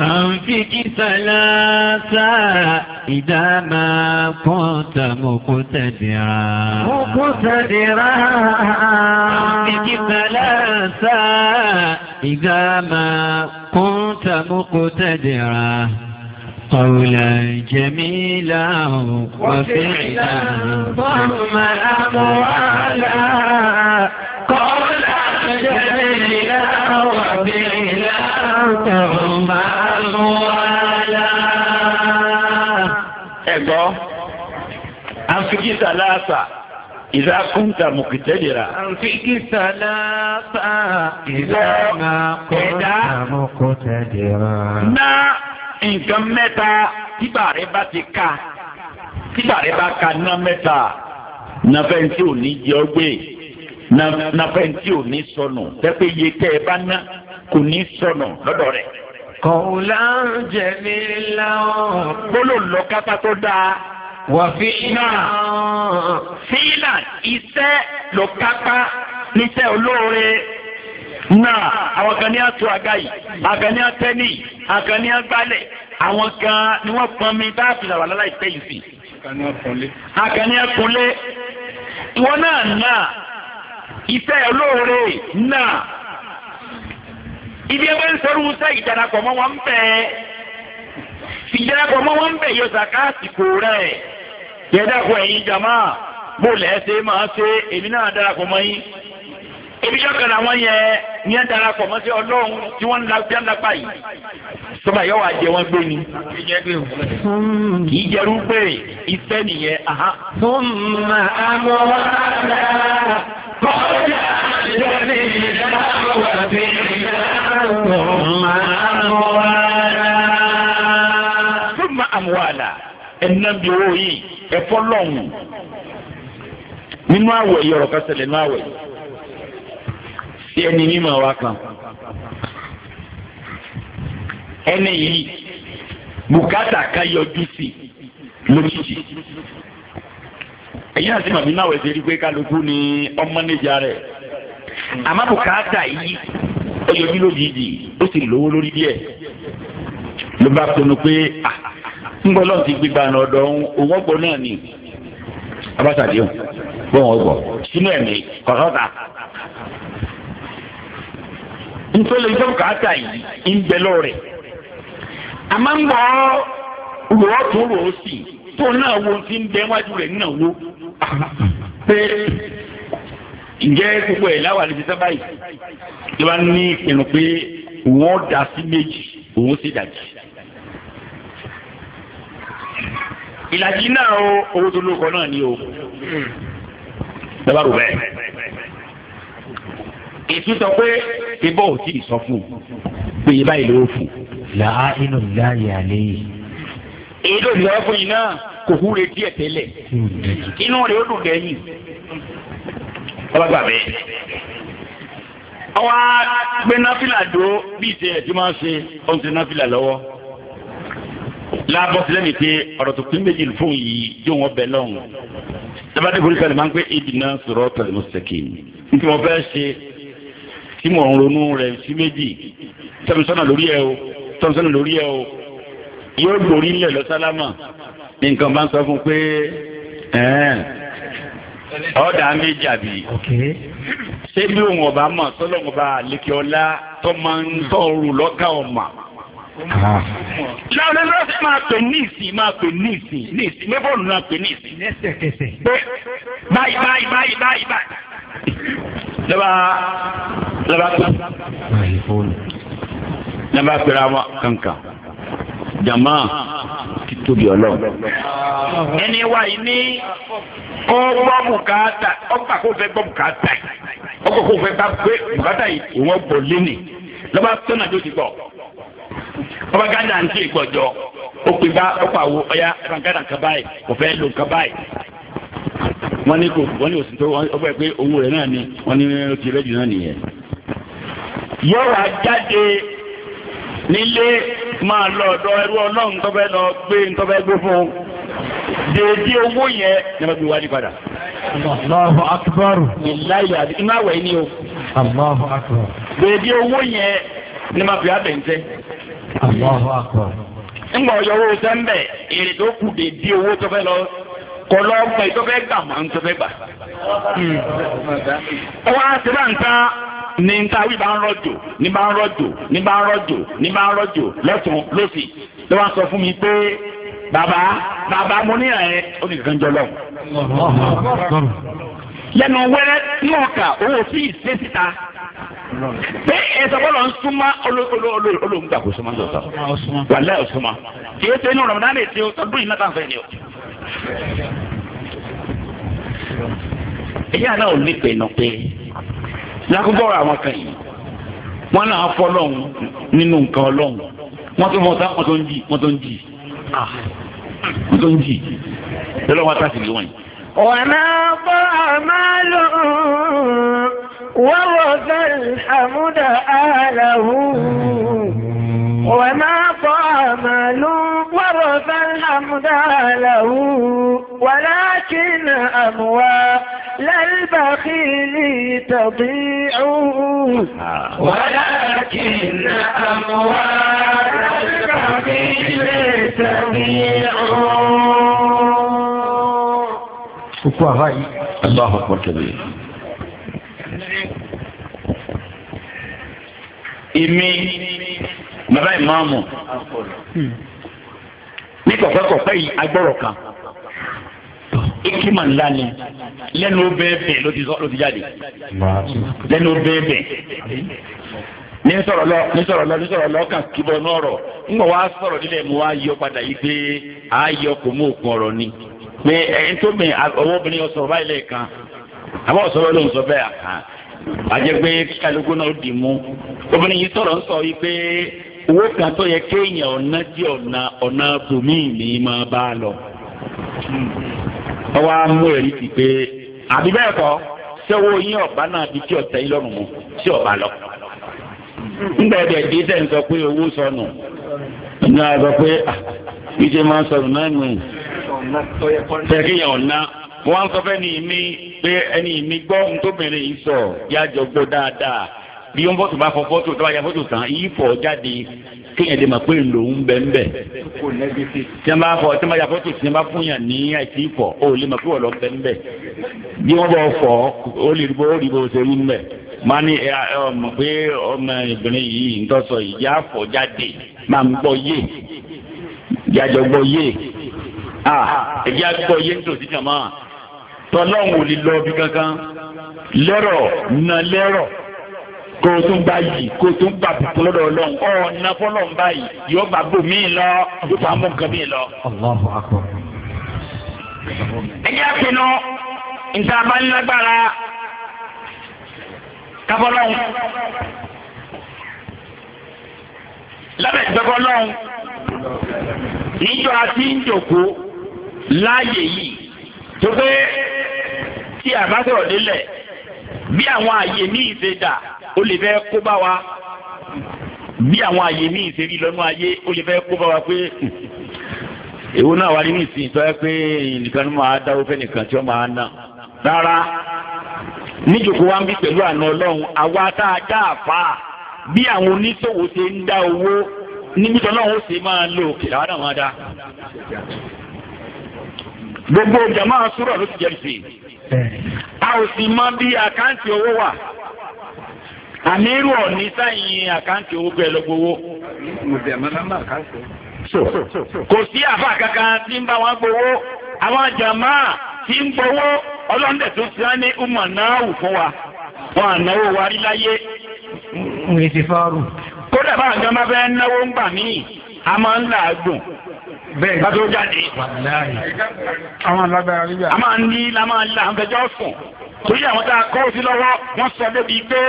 أنفق ثلاثة إذا ما كنت مقتدرا مقتدرا أنفق ثلاثة إذا ما كنت مقتدرا قولا جميلا وفعلا ضم أموالا قولا وبلا تعمل ولا ẹgbọ́ àfikí sàlásà ìdá kúńtà mùkìtẹ́lìrà. àfikí sàlásà ìdá kúńtà mùkìtẹ́lìrà. ná nǹkan mẹ́ta tíbà rẹ bá ti ka tíbà rẹ bá ka ná mẹ́ta náfẹ́ntì ò ní jẹ́ ọ gbé nàfẹ̀ntì ò ní sọnù tẹ́pẹ́ iye tẹ́ ẹ bá ná kò ní sọnù lọ́dọ̀ rẹ̀. kọ̀ọ̀lá ń jẹ̀bi láwọn. gbólóńlọ kátà tó dáa wàfíìlà fíìlà iṣẹ́ ló kápá níṣẹ́ olóore náà àwọn kan ní àtò àga yìí àga ní àtẹ́nì àga ní àgbálẹ̀ àwọn kan ni wọ́n pọn mi bá àfihàn àwọn aláìpẹ́ yìí sí. àga ní àkúnlé. ìwọ náà náà iṣẹ́ olóore náà ibi ẹgbẹ́ ń sọrú sẹ́ ìdarapọ̀ mọ́ wọn bẹ́ẹ̀ ìdarapọ̀ mọ́ wọn bẹ́ẹ̀ yọ sàkáàsìkò rẹ̀ yẹ́dàkọ̀ ẹ̀yin jama bó lẹ́sẹ̀ máa ṣe èmi náà darapọ̀ mọ́ yín ebi jọ́kànnà wọn yẹ ní ẹ̀ darapọ̀ mọ́ sí ọlọ́run tí wọ́n ń la gbẹ́ńdàpá yìí sọba yóò wá jẹ wọn gbé ni. kì í jẹrú pé iṣẹ́ nìyẹn. summa amúra náà kọjá lẹ́ni ìdáhùn wà sí ìdáhùn. summa amúra náà. summa ẹ̀nà bí owó yìí ẹ̀fọ́ lọ́hùn nínú àwẹ̀ yọ̀rọ̀ kásẹ̀ lẹ́nu àwẹ̀ sí ẹni mímọ̀ wa kan ẹni yìí bùkátà ká yọjú sí lójijì èyí náà sì màmí náà wẹ̀ rí pé kálukú ni ọmọ níjà rẹ̀ àmọ́ bùkátà yìí ó yọjú lójijì ó sì lówó lórí díẹ̀ ló bá pinnu pé ń gbọ́ lọ́n ti gbígbà náà ọ̀dọ̀ òun ọ̀gbọ́n náà ni abasadéhùn bó wọn gbọ́ sínú ẹ̀mí kọ̀sọ́ta ntọ́lẹ̀ ìjọba kàáta yìí ń bẹ lọ́rẹ̀ àmọ́ ń bọ̀ wò ó tó wò ó sì tó náà wo ti ń bẹ wájú rẹ̀ náà wo pé ǹjẹ́ gbogbo ẹ̀ láwà lè fi sábà yìí tí wọ́n ní ìpinnu pé wọ́n dá sí méjì òun sì dàjì. ìlàjì náà o owó tó lóko náà ni o dábàá rò bẹ́ẹ̀ ètò sọ pé ìbọn ò tí ì sọ fún un pé ìbá ìlú fún un làá inú láàyè àlẹ́ yìí. èyí ló lọ́ọ́ fún yín náà kò kú re díẹ̀ tẹ́lẹ̀ inú rẹ̀ ó dùn dẹ́yìn ọba gbà bẹ́ẹ̀. àwa gbé náfìlà dó bí ìṣe ẹ̀ tí máa ń ṣe ó ń ṣe náfìlà lọ́wọ́ láàbọ̀ sílẹ̀ mi pé ọ̀rọ̀ tó pín méjì fún yìí jó wọn bẹ̀ lọ́hùn tabati kuli kalima n pe idina siratal mustaqim nti mo fẹ́ ṣe tí mo ronú rẹ̀ sí méjì sọ́nà lórí ẹ o tọ́sán lórí ẹ o yóò lórí ilẹ̀ lọ sálámà ní nǹkan bá ń sọ fún pé ọ̀dà méjì àbí ṣé bí òun ọba mọ̀ sọ́lọ́mù bá lékè ọlá tó máa ń tọrù lọ́gàá ọ̀mà. Láwọn ẹgbẹ́ ṣe máa pè ní ìsìn máa pè ní ìsìn ní ìsìn mẹ́fọ̀nù náà pè ní ìsìn. Lẹ́sẹ̀kẹsẹ̀. báyìí báyìí báyìí báyìí báyìí. Lọ́ba lọ́ba tó ní a bá pèrè àwọn kankan jama títóbi ọlọ. ẹni wa yìí ní kó gbọ́ bùkátà ọgbà kó fẹ́ gbọ́ bùkátà yìí ọgbà kó fẹ́ gbé bùkátà yìí òun ọgbọ̀ lẹ́nì lọ́ba tọ́nà tó ti gbọ́ ọba gádà ń tí ì gbọ́jọ́ ó pè bá ọkọ̀ àwo ọ̀yá ẹ̀ka gádà kan báyìí kò fẹ́ lò kan báyìí wọ́n ní kò wọ́n ní òsì tó ọgbẹ́ pé owó rẹ̀ náà ni wọ́n ní ó ti rẹ́jù náà nìyẹn. yóò wá jáde nílé máa lọ ọ̀dọ̀ ẹrú ọlọ́run tó fẹ́ lọ gbé tó fẹ́ gbé fún un dèédé owó yẹn ni wọ́n fi wá ní padà. Allahu akbar. Ìláyà àti iná àwẹ̀ ni o. Allahu akbar. Dèédé owó yẹn ni wọ́n fi abẹ̀ǹtẹ́. Allahu akbar. Ńgbà ọ̀yọ́ owó sẹ́ńbẹ̀ èrè tó kù dèédé owó tó fẹ́ lọ kọ lọ gbẹ tó fẹ́ gbà máa ń tó gbà. Hmm. Wọ́n á bá ń tán ní ntàwí bá ń rọ̀jò ní bá ń rọ̀jò ní bá ń rọ̀jò ní bá ń rọ̀jò lọ́tún lọ́sì ló wá sọ fún mi pé bàbá bàbá mo ní ẹ̀ ó ní kankan jọ lọ́wọ́. lẹ́nu wẹ́rẹ́ náà kà owó sí ìṣe síta pé ẹ̀sọ́gbọ́lọ̀ ń súnmọ́ olóńgbà kò súnmọ́ sọ̀tọ̀ wàlẹ́ òsúnmọ́ kì í ṣe inú rọ̀mọ̀dá lè ṣe ọdún yìí náà tàn ni o ìyá náà ò ní pinnu pé lákòókòrò àwọn kan yìí wọn náà fọ lọ́hùn nínú nǹkan ọlọ́hùn wọn tó mọ sá wọn tó ń jì wọn tó ń jì wọn tó ń jì lọ́wọ́ wọn tàbí wọn. وما ضاع ماله ورث الحمد آله وما طاب لوط ورث الحمد له ولكن أموال البخيل تضيع ولكن أموال البخيل تضيع الله أكبر كبير إمي bàbá ìmáàmù hmm. ní kọ̀kọ́kọ̀kọ́ yìí agbọ́rọ̀ kan ikima ńlá ni lẹ́nu bẹ́ẹ̀bẹ́ ló ti sọ ló ti jáde lẹ́nu bẹ́ẹ̀bẹ́ ní sọ̀rọ̀ lọ ní sọ̀rọ̀ lọ ní sọ̀rọ̀ lọ kàn kíbọ̀ n'ọ̀rọ̀ ńgbọ̀ wá sọ̀rọ̀ nílẹ̀ mu wá yọ padà yìí pé a yọ kò mú òkun ọ̀rọ̀ ni pé ẹ̀yin tó mi ọwọ́ obìnrin ọ̀sọ̀rọ̀ báyìí lẹ́ẹ̀kan àbọ̀ ọ̀sọ̀rọ̀ ló ń sọ bẹ́ẹ̀ àjẹgbé kálukú náà dì mú obìnrin yìí sọ̀rọ̀ ń sọ yìí pé owó kan tó yẹ kéèyàn ọ̀nà tí ọ̀nà ọ̀nà bòmíì ní máa bá a lọ. ọwọ́ amú ẹ̀rí ti pé àbí bẹ́ẹ̀ kọ́ sẹ́wọ́ yín ọ̀bá náà bí tí ọ̀tẹ̀ yín lọ́rùn tí ọ̀bá lọ. nígbà tẹ̀ ń sọ pé owó sọnù a sọ pé ìṣe ah, máa sọnù náà nù. kéèyàn ọ̀nà sọ fẹ́ ni mi pé ẹni mi gbọ́ ohun sọ yájọ bí wọn bọ tó bá fọ fọtò tó bá ya fọtò tán yìí fọ jáde kéèyàn lè mọ pé lòún bẹ ń bẹ tí wọn bá fọ tí wọn bá ya fọtò tí wọn bá fún yàn ní àìsí fọ ó lè mọ pé wọn lọ bẹ ń bẹ bí wọn bọ fọ ó lè bọ ó lè bọ ṣe rí ń bẹ máa ní ẹ ọmọ pé ọmọ ìbìnrin yìí ń tọ́sọ ìyá fọ jáde máa ń gbọ́ yé ìyájọ gbọ́ yé ẹ̀jẹ̀ àgbọ̀ yé ń tòsí jàmá tọ́lọ́hùn ò lè lọ bí kankan lẹ́rọ̀ ná lẹ́rọ̀ kó o tún gba yìí kó o tún gba bìtú lọ́dọ̀ ọlọ́run ọ̀ nàfọ́lọ́ ń báyìí yóò bá bò mí lọ yóò bá mú nǹkan mí lọ. ẹ̀yẹ́ pinnu nta bá ń lágbára lábẹ́ ìgbẹ́bọ́lọ́hún níjọ́ àti ìjòkó láàyè yìí tó pé tí a bá sọ̀rọ̀ délẹ̀ bí àwọn àyè míì ṣe dà. o lè fẹ́ kó bá wa bí àwọn àyè míì ṣe rí lọ́nú ayé o lè fẹ́ kó bá wa pé hmm, náà wà nínú ìsìn tó yẹ pé nìkan ló máa dáwó fẹ́ nìkan tí ó máa ná rárá níjòkó wa ń bí pẹ̀lú àna ọlọ́run àwa tá dá lo òkè náà máa dá gbogbo ló a ò sì mọ bí àkáǹtì owó wà. àmírù ọ̀ní sáyìn àkáǹtì owó pẹ̀lú ọgbowó. kò sí àfa kankan tí ń bá wọn gbowó àwọn jàmá tí ń gbowó ọlọ́ndẹ̀ tó ti ní umar náàwù fún wa wọn ànáwó wa rí láyé. kódà fẹ́ náwó ń gbà a bẹ́ẹ̀ ká tó jáde. àwọn alágbára rí bẹ́ẹ̀. a máa ní la máa la àwọn ẹjọ́ sùn torí àwọn tá a kọ́ sí lọ́wọ́ wọ́n sọ débi pé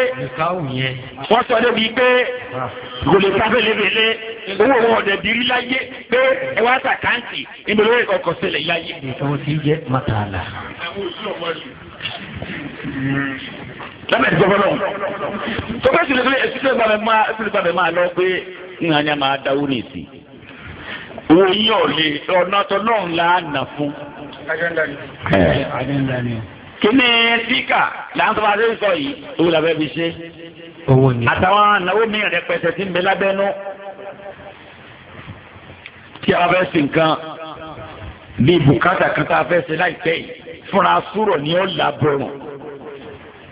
wọ́n sọ débi pé gòlè sáfẹ́ lébèlé owó wọn ọ̀dẹ̀ dirí láyé pé ẹ wá sàkáǹtì ìbẹ̀rẹ̀ wẹ̀ kọ̀ọ̀kan sílẹ̀ láyé. ìṣòro ti jẹ́ màtàlá. lábẹ́ ìjọba náà tó bẹ́ẹ̀ sì lè fi ẹ̀sìn tó bá mi máa lọ pé ìhànà máa dáwó nìsín owó yín ò lè ọ̀nà tọ́lọ́run la nà fún. kíní síkà láǹtọ́ba ṣe ń sọ yìí owó làbẹ́ fi ṣe àtàwọn ànáwó mi rẹpẹtẹ ti ń bẹ lábẹ́nú tí a fẹ́ sin nǹkan bíi bùkátà kan tá a fẹ́ ṣe láìpẹ́ yìí fúnra sùrọ̀ ni ó làbọ̀rùn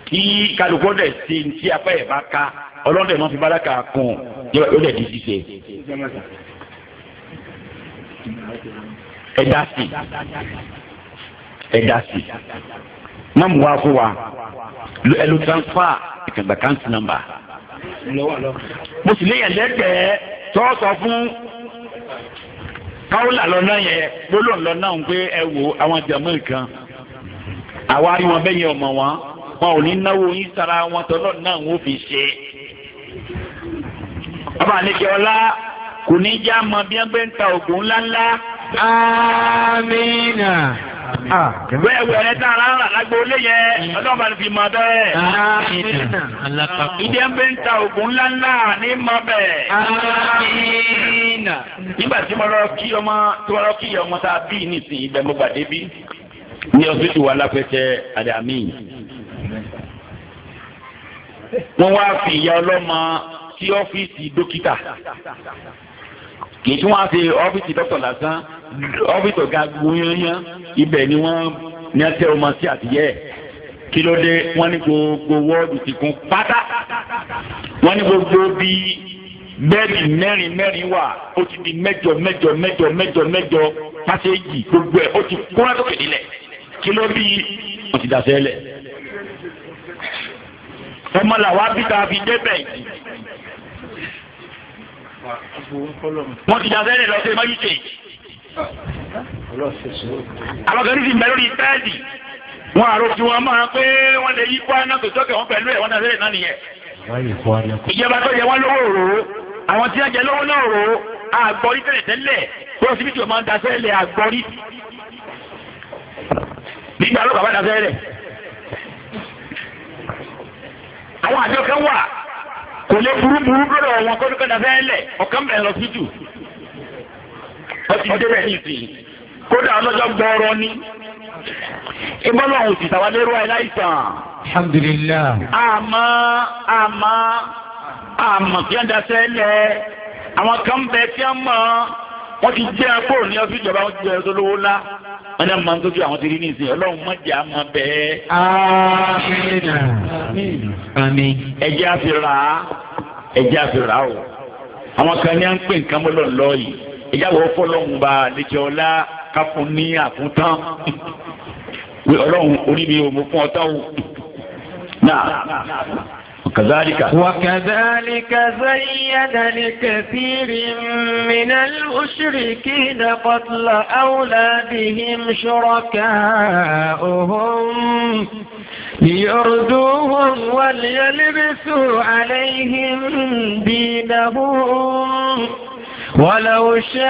kí kálukú dẹ̀ ṣe ní tí apá ẹ̀ bá ká ọlọ́dẹ̀ náà fi bá dákà kún un yóò dẹ̀ di ṣíṣe ẹ dá sí ẹ dá sí má mú wá fún wa ẹ lo transfer ìkàgbà council number mo sì léyìn lẹ́gbẹ̀ẹ́ tọ́sọ fún káwọ́là lọ́nà yẹn gbólóhùn lọ́nà ń pé ẹ wo àwọn jàmọ́ kan àwa rí wọn bẹ́yẹn ọmọ wọn wọn ò ní náwó yín sara wọn tọ́lọ́ náà ń ó fi ṣe. ọba àlejò ọlá kò ní já mọ bí wọ́n gbé ń ta oògùn ńláńlá. amina. Ah, wẹ́ẹ̀wẹ́ rẹ tán ara rà lágbo lé yẹ ọlọ́run bá ti fi mọ bẹ́ẹ̀. amina. ìdí ń gbé ń ta oògùn ńláńlá ní mọ bẹ́ẹ̀. amina. nígbà tí mo lọ kí ọmọ tí mo lọ kí ọmọ tá a bí nísìnyí mo gbà débi ní ọsítù wa láfẹsẹ̀ àdàmì wọ́n wá fi ìyá ọlọ́mọ sí ọ́fíìsì dókítà kì í tún wá sí ọ́fíìsì dókítà lásán ọ́fíìsì ọ̀gá gbóyányán ibẹ̀ ni wọ́n ní ẹ tẹ ọmọ sí àtìyẹ́ kí ló dé wọ́n ní gbogbo wọ́ọ̀dù ti kún pátá wọ́n ní gbogbo bíi bẹ́ẹ̀ni mẹ́rin mẹ́rin wà ó ti di mẹ́jọ mẹ́jọ mẹ́jọ mẹ́jọ mẹ́jọ pàṣẹjì gbogbo ẹ̀ ó ti kúrẹ́ lókè nílẹ̀ kí ló bí wọ́n ti dàsẹ́ lẹ̀ ọmọ làwọn abíta fi débẹ̀ yìí wọ́n ti jàzẹ́rẹ̀ lọ sí mọ́jútè. àwọn kan ní ti ń bẹ lórí pẹ́ẹ́dì wọn àrò tí wọn máa pé wọn lè yí kwara náà tó sókè wọn pẹ̀lú ẹ̀ wọn náà lẹ́yìn náà nìyẹn. ìjọba tó yẹ wọn lówó òró àwọn tí wọn jẹ lówó náà òró àgbọ̀rí tẹ́lẹ̀ tẹ́lẹ̀ tó síbi tí wọn máa ń daṣẹ́ lẹ̀ àgbọ̀rí. nígbà ló bàbá daṣẹ́ lẹ̀. àwọn àjọ kan wà kò lè burú burú lọ́dọ̀ wọn kó dúkọ́ dafẹ́ lẹ̀ ọ̀kan bẹ̀rẹ̀ lọ sí jù ọtí débẹ̀ ní ìsìn kódà ọlọ́jọ́ gbọ́ọ̀rọ̀ ni ìbọ́lọ̀ òsì tàwa lérò aláìsàn. alhamdulillah. àmọ́ àmọ́ àmọ́ kí wọ́n da sẹ́lẹ̀ àwọn kan bẹ kí wọ́n mọ̀ wọ́n ti jẹ́ akóró ní ọ́fíìsì ìjọba wọn ti jẹ́ ẹ̀ tó lówó ńlá wọn náà máa ń tójú àwọn ti rí ní ìsìn ọlọ́run má jẹ́ àmọ́ bẹ́ẹ̀. àmín. ẹjẹ́ àfihàn ẹjẹ́ àfihàn o àwọn kan ní à ń pè nǹkan mọ́ lọ́nlọ́ yìí ẹjẹ́ àwọn fọlọ́hún bá àlejò ọlá káfún ní àfúntán ọlọ́run oníbi òmùfún ọ̀tá o náà. وكذلك وكذلك زين لكثير من المشركين قتل أولادهم شركاؤهم ليردوهم وليلبسوا عليهم دينهم ولو شاء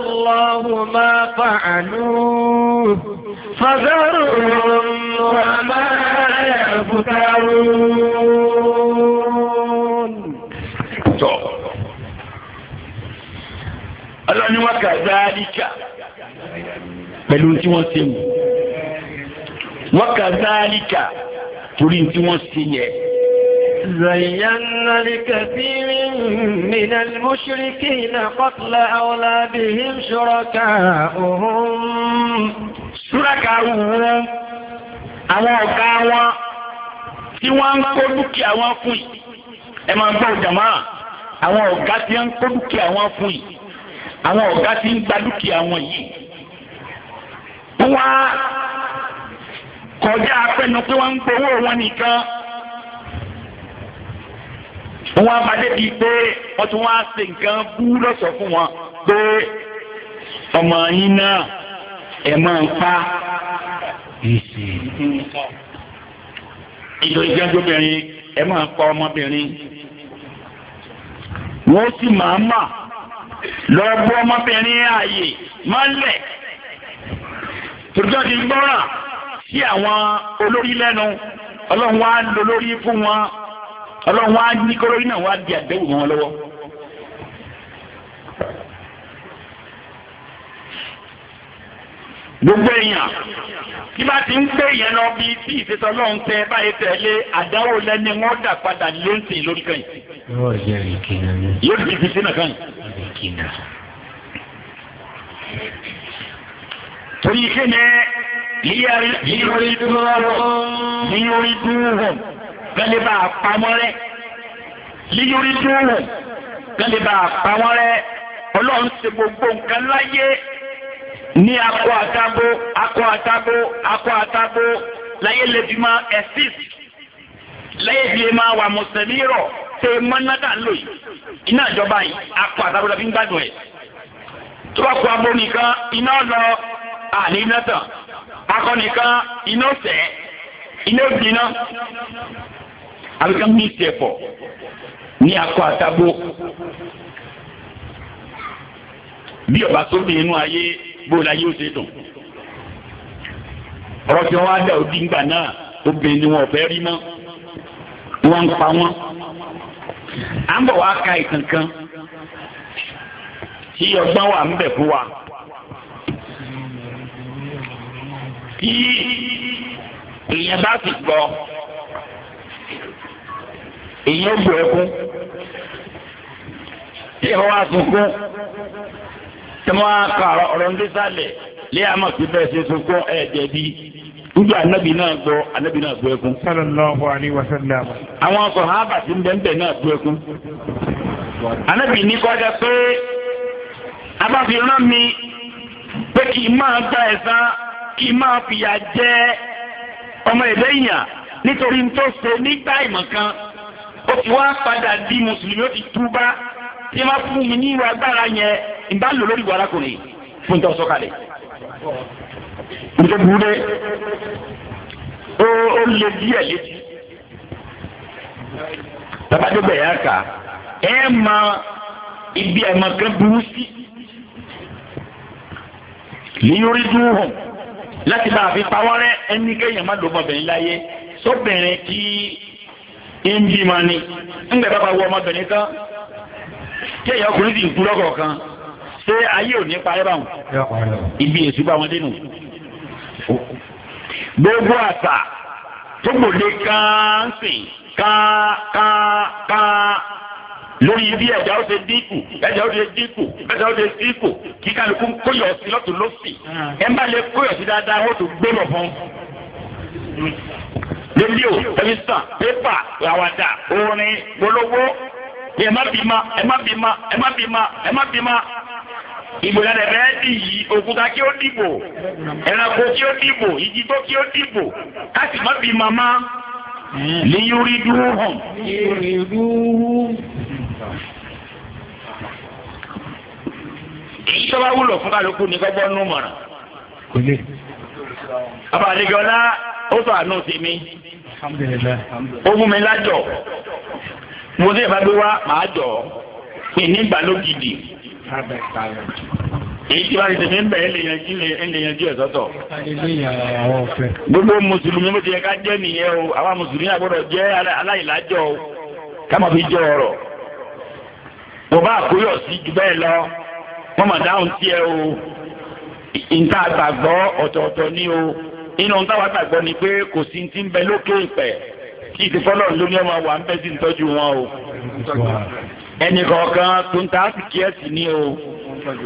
الله ما فعلوه فذرهم وما يفترون ọlọ́ni wọn kà záàlìkà pẹ̀lú tí wọ́n ṣe mú wọn kà záàlìkà torí tí wọ́n ṣe yẹ. زينا لكثير من المشركين قتل أولادهم شركاؤهم شركاؤهم àwọn ọ̀gá wọn tí wọ́n ń kó dúkìá wọn fún yìí ẹ máa ń gbọ́ jàmá àwọn ọ̀gá tí wọ́n ń kó dúkìá wọn fún yìí àwọn ọ̀gá tí ń gba dúkìá wọn yìí wọ́n á kọjá apẹ́nu pé wọ́n ń gbowó wọn nìkan wọn amadé bíi pé wọn tún wá ṣe nǹkan bú lọ́sọ̀ fún wọn pé ọmọ yín náà ẹ̀ máa ń pa èsì. ìjọba ìjọba ẹ̀ máa ń pa ọmọbìnrin wọ́n sì máa mà lọ bú ọmọbìnrin ààyè mọ́lẹ̀ tòjọ́ ti gbọ́ràn sí àwọn olórí lẹ́nu ọlọ́run wá lólórí fún wọn ọlọ́run wá ní kóró iná wá di àdéhùn wọn lọ́wọ́. gbogbo èèyàn tí bá ti ń pè yẹn lọ bí tí ìṣètò ọlọ́run tẹ báyìí tẹ̀lé àdáwò lẹ́ni wọ́n dà padà lóńtì lórí kan yìí. yóò di ibi sínú kan yìí. torí kí ni yíyọrí dúró yíyọrí dúró gẹ́lẹ́bà pamọ́ rẹ̀ líyórí dúró gẹ́lẹ́bà pamọ́ rẹ̀ ọlọ́run ṣe gbogbo nǹkan láyé ní akọ àtàbó akọ àtàbó akọ àtàbó láyé lẹ́bi máa ẹ̀sìs láyé bíi máa wà mùsùlùmí rọ̀ ṣe mọ́nádà lò iná ìjọba yìí akọ àtàbó la fi ń gbádùn ẹ̀ tó bá kọ abó nìkan iná lọ àní iná tàn akọ nìkan iná sẹ́ẹ̀ iná gbiná àbí ká mí tiẹ̀ pọ̀ ní akọ àtàbó bí ọba tó bí inú ayé bó la yóò ṣe dùn ọ̀rọ̀ tí wọ́n á dà òdi ńgbà náà obìnrin ni wọn ò fẹ́ rí mọ́ wọ́n ń pa wọ́n à ń bọ̀ wá ka ìtàn tí ọgbọ́n wà ń bẹ̀ fún wa tí èèyàn bá sì gbọ́. èyí ó bu ẹkún tí ẹ wá sunkún tí wọ́n ka ọ̀rọ̀ ń dísàlẹ̀ lé àmọ́ sí bẹ́ẹ̀ ṣe sunkún ẹ̀ jẹ̀bi gbogbo anabi náà gbọ́ anabi náà bu ẹkún. sallallahu alayhi wa sallam. àwọn sàhábà tí ń bẹ náà bu anabi ní pé mi pé kì í máa gba kì í ọmọ nítorí tó ṣe nígbà ó ti wá padà di mùsùlùmí ó ti túbá tí wọ́n fún mi ní ìwà agbára yẹn ìbá lò lórí ìwà arákùnrin fún ìjọ sọ́kalẹ̀. nítorí wúlé ó ó lé díẹ̀ létí tabadegbe ya ka ẹ ma ibi ẹ̀ma kan burú sí liyori dùn hàn láti bá a fi pawọ́ rẹ ẹni kéèyàn má lò mọ́bìnrin láyé sóbìnrin kí ń bí ma ni ńgbẹ́ bá ba wọ ọmọbìnrin tán kéèyàn ọkùnrin sì ń kú lọ́kọ̀ọ̀kan ṣé ayé ò ní parẹ́ báwọn ibi èṣù bá wọn dénú. gbogbo àṣà tó gbòde káńsìn káńkáńkáń lórí ibi ẹja ó ṣe dínkù ẹja ó ṣe dínkù ẹja ó ṣe dínkù kí kálukú kóyọ̀ sí lọ́tún lọ́sì ah. ẹ̀ ń bá lè kóyọ̀ sí dáadáa wọ́n tó gbé lọ fún un rédíò tẹlifísàn pépà àwàdà orin polówó ẹ má bí ma ẹ má bí ma ẹ má bí ma ẹ má bí ma ìbò lẹ́nu ẹ̀fẹ́ dì yí òkúta kí ó dìbò ẹranko kí ó dìbò ìdìbò kí ó dìbò káàsì má bí màmá ní yorí dúró hàn. èyí tó bá wúlò fún kálukú ní kọ́gbọ́n nù mọ̀ràn. bàbá àdéjọ́lá ó sọ àánú sí mi ó mú mi mo sì bá gbé wá màá jọ ìnígbà ló gidi èyí tí wàá ti tẹ̀mí bẹ̀ ẹlẹ́yànjú ẹ̀ sọ́tọ̀. gbogbo mùsùlùmí bó ti yẹ ká jẹ́ nìyẹn o àwa mùsùlùmí àgbọ̀dọ̀ jẹ́ aláìlájọ o fi jẹ ọ̀rọ̀. Mo bá àkóyọ̀ sí ju bẹ́ẹ̀ lọ wọ́n mà dáhùn o. nta gbàgbọ́ ọ̀tọ̀ọ̀tọ̀ ni o inú nta wa gbàgbọ́ ni pé kò sí ti ń bẹ lókè ìpẹ́ kí ìdí fọlọ́ ló ní ọmọ wa ń bẹ́ sí ìtọ́jú wọn o ẹnì kọ̀ọ̀kan tó ń ta àsìkí ẹ̀sìn ni o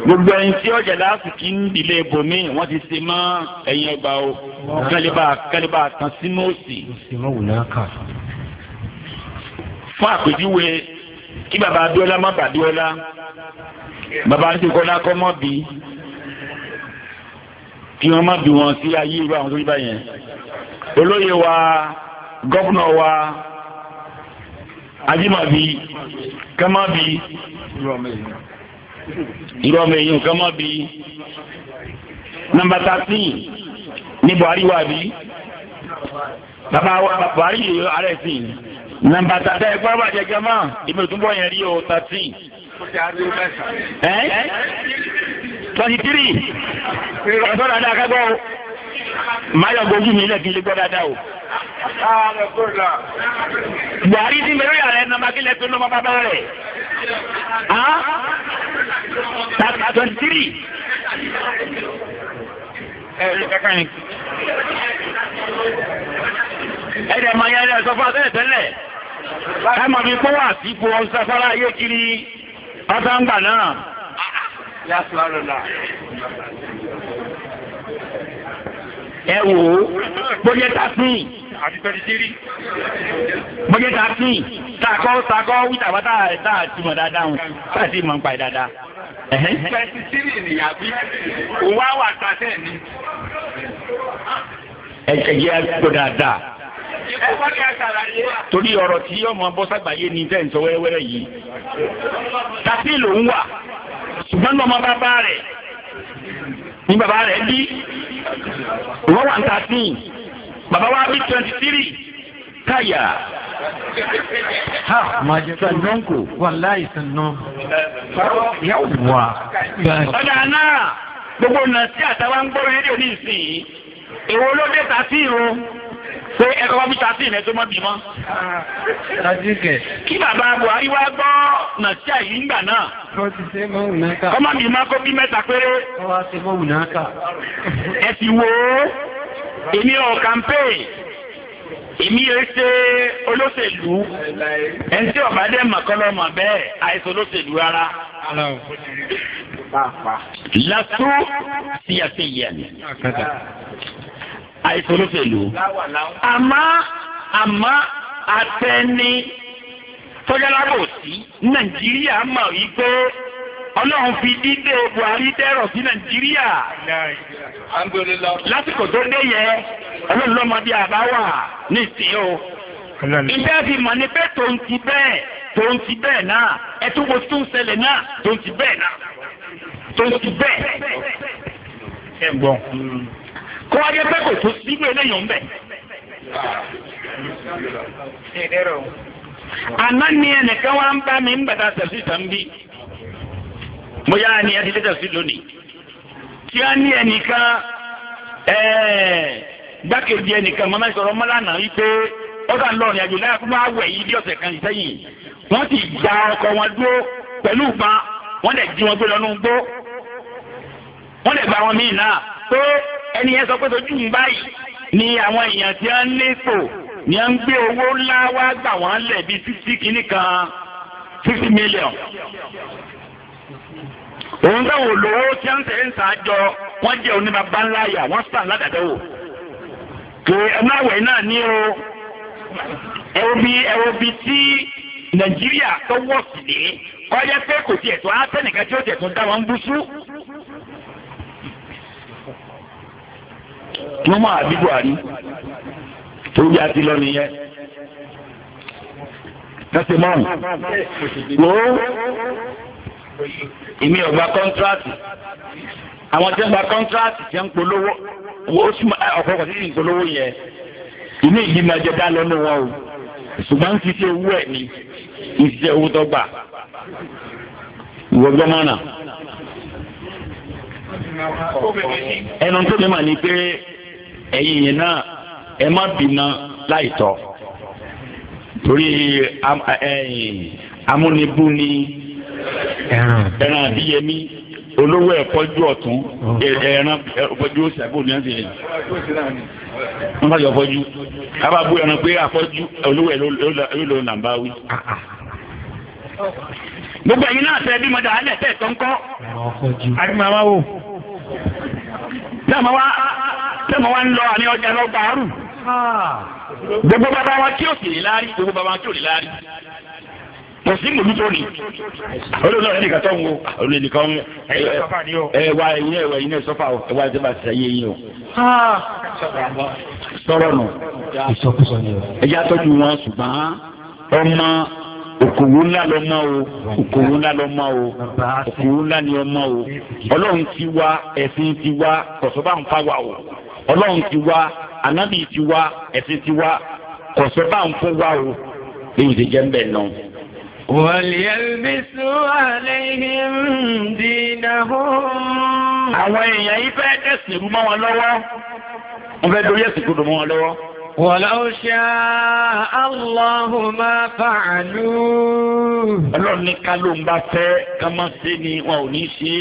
gbogbo ẹni tí ọjà lásìkí ń dìlé ibòmí wọn ti ṣe mọ ẹ̀yìn ọgbà o kálíbà kálíbà kan sínú òsì. fún àpèjúwe kí baba Abíọ́lá má bàbíọ́lá baba Adékọ́lá kọ́ mọ́ bí kí wọ́n má bí wọn sí ayé irú àwọn tó ń yẹn olóyè wa gọ́fúnà wa ajimabi kamabi irú ọmọ èèyàn kamabi nọ́mbà thirteen ní buhari wà bí bàbá wa buhari yìí ààrẹ sí nọ́mbà tàtẹ ẹgbẹ́ wà jẹ gẹ́mà ìmọ̀ ìtúbọ̀ yẹn rí o thirteen twenty three ẹ̀sọ́ dáadáa kẹ́gbọ́ o máyọ̀ gojú mi lẹ́kìn lé gbọ́ dáadáa o. Buhari ti mẹ́rin ààrẹ nọmba kílẹ̀ tó nọmba bàbá rẹ̀ twenty three ẹ̀dẹ̀ máa yẹ ẹ̀dẹ̀ sọ fún àtẹ́lẹ̀ tẹ́lẹ̀ ẹ mọ̀ mi kó wà sí ipò ọ̀sán sára ayé kiri ọ̀sán gbà náà yá sọ àrùn náà. ẹ wò ó bóyá ta sí bóyá ta sí takọ takọ wíta bá tá a ti mọ̀ dáadáa hùn tá a ti mọ̀ nípa ẹ̀ dáadáa. twenty three ni àbí òun wà tá a tẹ̀ ní. ẹ jẹ́ gbọ́ dáadáa torí ọ̀rọ̀ tí ọmọ bọ́sàgbáyé ni tẹ̀ ń sọ wẹ́rẹ́wẹ́rẹ́ yìí tàbí lòun wà ṣùgbọ́n lọ́mọ bàbá rẹ̀ ní bàbá rẹ̀ bí wọ́n wà ní thirteen bàbá wa bí twenty three káyà. ha màá jẹ ká ló ń kó wàláì sànù. yàwùwà. ọ̀dà náà gbogbo nàìjíríà táwa ń gbọ́ rédíò ní ìsìn èwo ló dé ta sí irun pé ẹ kọ́kọ́ bí thirteen ẹ tó mọ́ bímọ. kí bàbá Buhari wá gbọ́ nàìjíríà yìí ńgbà náà. ọmọ mi máa kó bí mẹ́ta péré. ẹ ti wo èmi ọ̀ campaign èmi yẹn ṣe olóṣèlú ẹ̀ ń tí ọ̀bá dẹ̀ mọ̀kọ́lọ́mọ̀ bẹ́ẹ̀ àìsàn olóṣèlú rárá. lásù síyàsíyà ni. àìsolóṣèlú àmọ́ àmọ́ atẹni sí nàìjíríà mọ̀ wípé ọlọ́run fi dídé buhari dẹ́rọ̀ sí nàìjíríà lásìkò tó dé yẹ ọlọ́run lọ́mọdé àbá wà ní ìsìn o ìfẹ́ fi mọ̀ ní pé tòun ti bẹ́ẹ̀ tòun ti bẹ́ẹ̀ náà ẹtú wo tún ṣẹlẹ̀ náà tòun ti bẹ́ẹ̀ náà tòun ti bẹ́ẹ̀. kó wáyé pé kò tó sílù eléyàn ń bẹ̀. àná ni ẹnìkan wá ń bá mi ń bàtà tẹ̀sí tán bí mo yára ni ẹ ti tẹ̀sí lónìí tí a ní ẹnìkan gbákejì ẹnìkan mọ́mọ́ sọ̀rọ̀ mọ́lánà wípé ọ̀dà ńlọrọ̀ àjò náà fún wa wẹ̀ yìí bí ọ̀sẹ̀ kan sẹ́yìn wọ́n ti gba ọkọ̀ wọn dúró pẹ̀lú ìgbà wọ́n lè jí wọn gbé lọ́nú gbó wọ́n lè gba wọn míì náà pé ẹni yẹn sọ pé tójú ń báyìí ni àwọn èèyàn tí wọ́n ń létò ni wọ́n ń gbé owó ńlá wá gbà wọ́n lẹ̀ bíi fifty kìíní kan fifty million. òun táwọn olówó tí wọ́n ń tẹ̀lé ń sàájọ wọ́n jẹ́ oníbàbá ńlá yà wọ́n sàn ládàdẹ́wò. pé ẹnáwẹ̀ náà ní o ẹ̀wọ̀ bí ẹ̀wọ̀ bí tí nàìjíríà tó wọ̀ sí ni kọ́ yẹ pé kò tiẹ̀ tó á tẹ́nìkan tí ó tiẹ̀ tó dá wọn bú sú. kí wọ́n máa bí buhari tó bí a ti lọ nìyẹn lọ́sẹ̀ mọ́ọ̀n wò ó èmi ọ̀gbà kọ́ńtíráàtì àwọn tí wọ́n gba kọ́ńtíráàtì tí wọ́n ń polówó ọ̀pọ̀lọpọ̀ tí wọ́n ń polówó yẹn ìní ìgbìmọ̀ ẹ̀jẹ̀ dá lọ́nu wọn o ṣùgbọ́n ń ṣiṣẹ́ owó ẹ̀ ní ìṣiṣẹ́ owó tó gbà ìwọ̀gbọ́n mọ́nà ẹnu tó mi mà ní pé ẹ̀yin yẹn náà ẹ má bínà láìtọ́ torí amúnibú ni ẹran àbíyẹmí olówó ẹ̀fọ́jú ọ̀tún oh. ẹran ẹ̀fọ́jú ó sàbò ní àti ẹ̀yìn wọ́n bá yọ ọ̀fọ́jú abábú ẹran pé àfọ́jú olówó ẹ̀ ló lọ nàmbáwí gbogbo ẹ̀yin náà tẹ bí mo dà á lẹ̀ tẹ̀ tó ń kọ́. àdìmọ̀wá wò. tẹ́mọ̀ wá tẹ́mọ̀ wá ń lọ àní ọjà lọ gbàrú. gbogbo bàbá wa tí ò sì lè lárí gbogbo bàbá wa tí ò lè lárí. kò sí mòlú tó ní. olóòlù ẹni kan tó ń wo olóòlù ẹni kan ẹ wá ẹyin ẹ wá ẹyin ẹ sọfà ẹ wá ẹjẹ bá ti sàyé yín o. sọ̀rọ̀ nù. ìsọkúsọ tọ́jú wọn ṣùgbọ́n ọmọ òkòwò ńlá lọ mọ o òkòwò ńlá lọ mọ o òkòwò ńlá ni ọ mọ o ọlọ́run ti wá ẹ̀sìn ti wá kọ̀sọ́bà ń fa wa o ọlọ́run ti wá anábì ti wá ẹ̀sìn ti wá kọ̀sọ́bà ń fún wa o èyí ti jẹ́ ń bẹ̀ náà. وليلبسوا عليهم دينهم. àwọn èèyàn yìí fẹ́ dẹ̀sìn rú mọ́ wọn lọ́wọ́ wọ́n fẹ́ dorí ẹ̀sìn kúrò mọ́ wọn lọ́wọ́. Wọ̀lọ́ ṣá Allahumma fa'alu. Ọlọ́run ní ká ló ń bá fẹ́ ká má ṣe ni wọn ò ní ṣe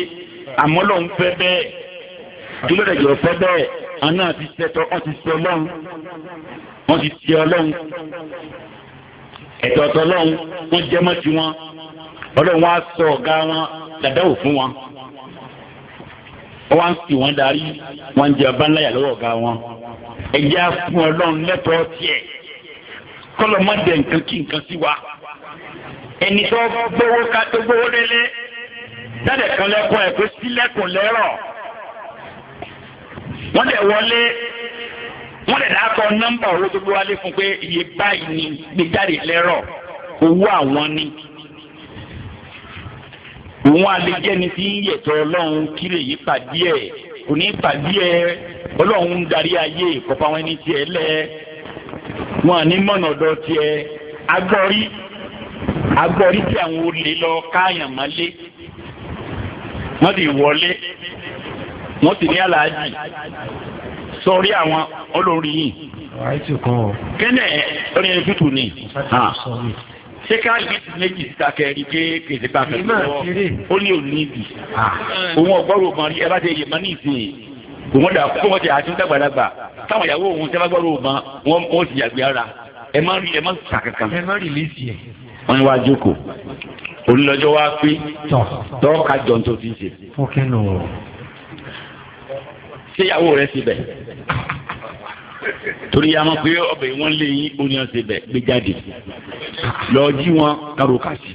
àmọ́ ló ń fẹ́ bẹ́ẹ̀. Kí ló dẹ̀ jọ fẹ́ bẹ́ẹ̀? Àná àti ṣẹtọ wọ́n ti ṣe ọlọ́run. Wọ́n ti ṣe ọlọ́run. Ẹ̀tọ́ ọ̀tọ̀ ọlọ́run wọ́n jẹ́ mọ́ tiwọn. Ọlọ́run wá sọ ọ̀gá wọn dàdá ò fún wọn wọ́n fi wọ́n darí wọ́n jẹ abánláyà lọ́wọ́ ọ̀gá wọn ẹ̀jẹ̀ fún ọlọ́run lẹ́tọ̀ọ́ tiẹ̀ kọ́lọ̀ má dẹ̀ nǹkan kí nǹkan sí wa ẹni tó gbowó ká tó gbowó délé dáadẹ̀ kan lẹ́kùn ẹ̀ pé sílẹ̀kùn lẹ́rọ̀ wọ́n dẹ̀ wọlé wọ́n dẹ̀ dákọ̀ nọ́mbà owó tó gbowó wálé fún pé iye báyìí ni gbé jáde owó àwọn ni òun àlejẹ́ ni ti ń yẹ̀tọ̀ ọlọ́run kí lè yí pàdé ẹ̀ kò ní pàdé ẹ̀ ọlọ́run ń darí ayé kọ̀ọ̀pá wọn ní tiẹ̀ lẹ̀ wọn ní mọ̀nà ọ̀dọ̀ tiẹ̀ agbọ́rí agbọ́rí tí àwọn olè lọ káàyàn má lé wọ́n ti wọlé wọ́n sì ní aláàjì sọrí àwọn olórí yìí kẹ́nẹ̀ ọ̀rẹ́ fìtù ni ṣé ká bí méjì síta kẹrin pé kèsì bá fẹ́ lọ́wọ́ ó ní òní ìdì òun ah. ọgbọ́rò kan rí ẹ bá ti yẹ mọ́ ní ìsìn òun dà kó wọ́n ti àti dàgbàdàgbà táwọn ìyàwó òun tẹ́ bá gbọ́rò mọ́ wọ́n ó sì yàgbé ara ẹ má rí ẹ má sà kankan. ẹ má rí lẹ́sì ẹ̀. wọ́n ní wàá jókòó onílọ́jọ́ wa pé tọ́ ka jọ tó fi ṣe. ṣé ìyàwó rẹ ti bẹ̀? torí ya mọ̀ pé ọbẹ̀ wọn lé yín oní ọ̀sẹ̀ bẹ̀ gbé jáde lọ́ọ́ jí wọn kárò kàṣì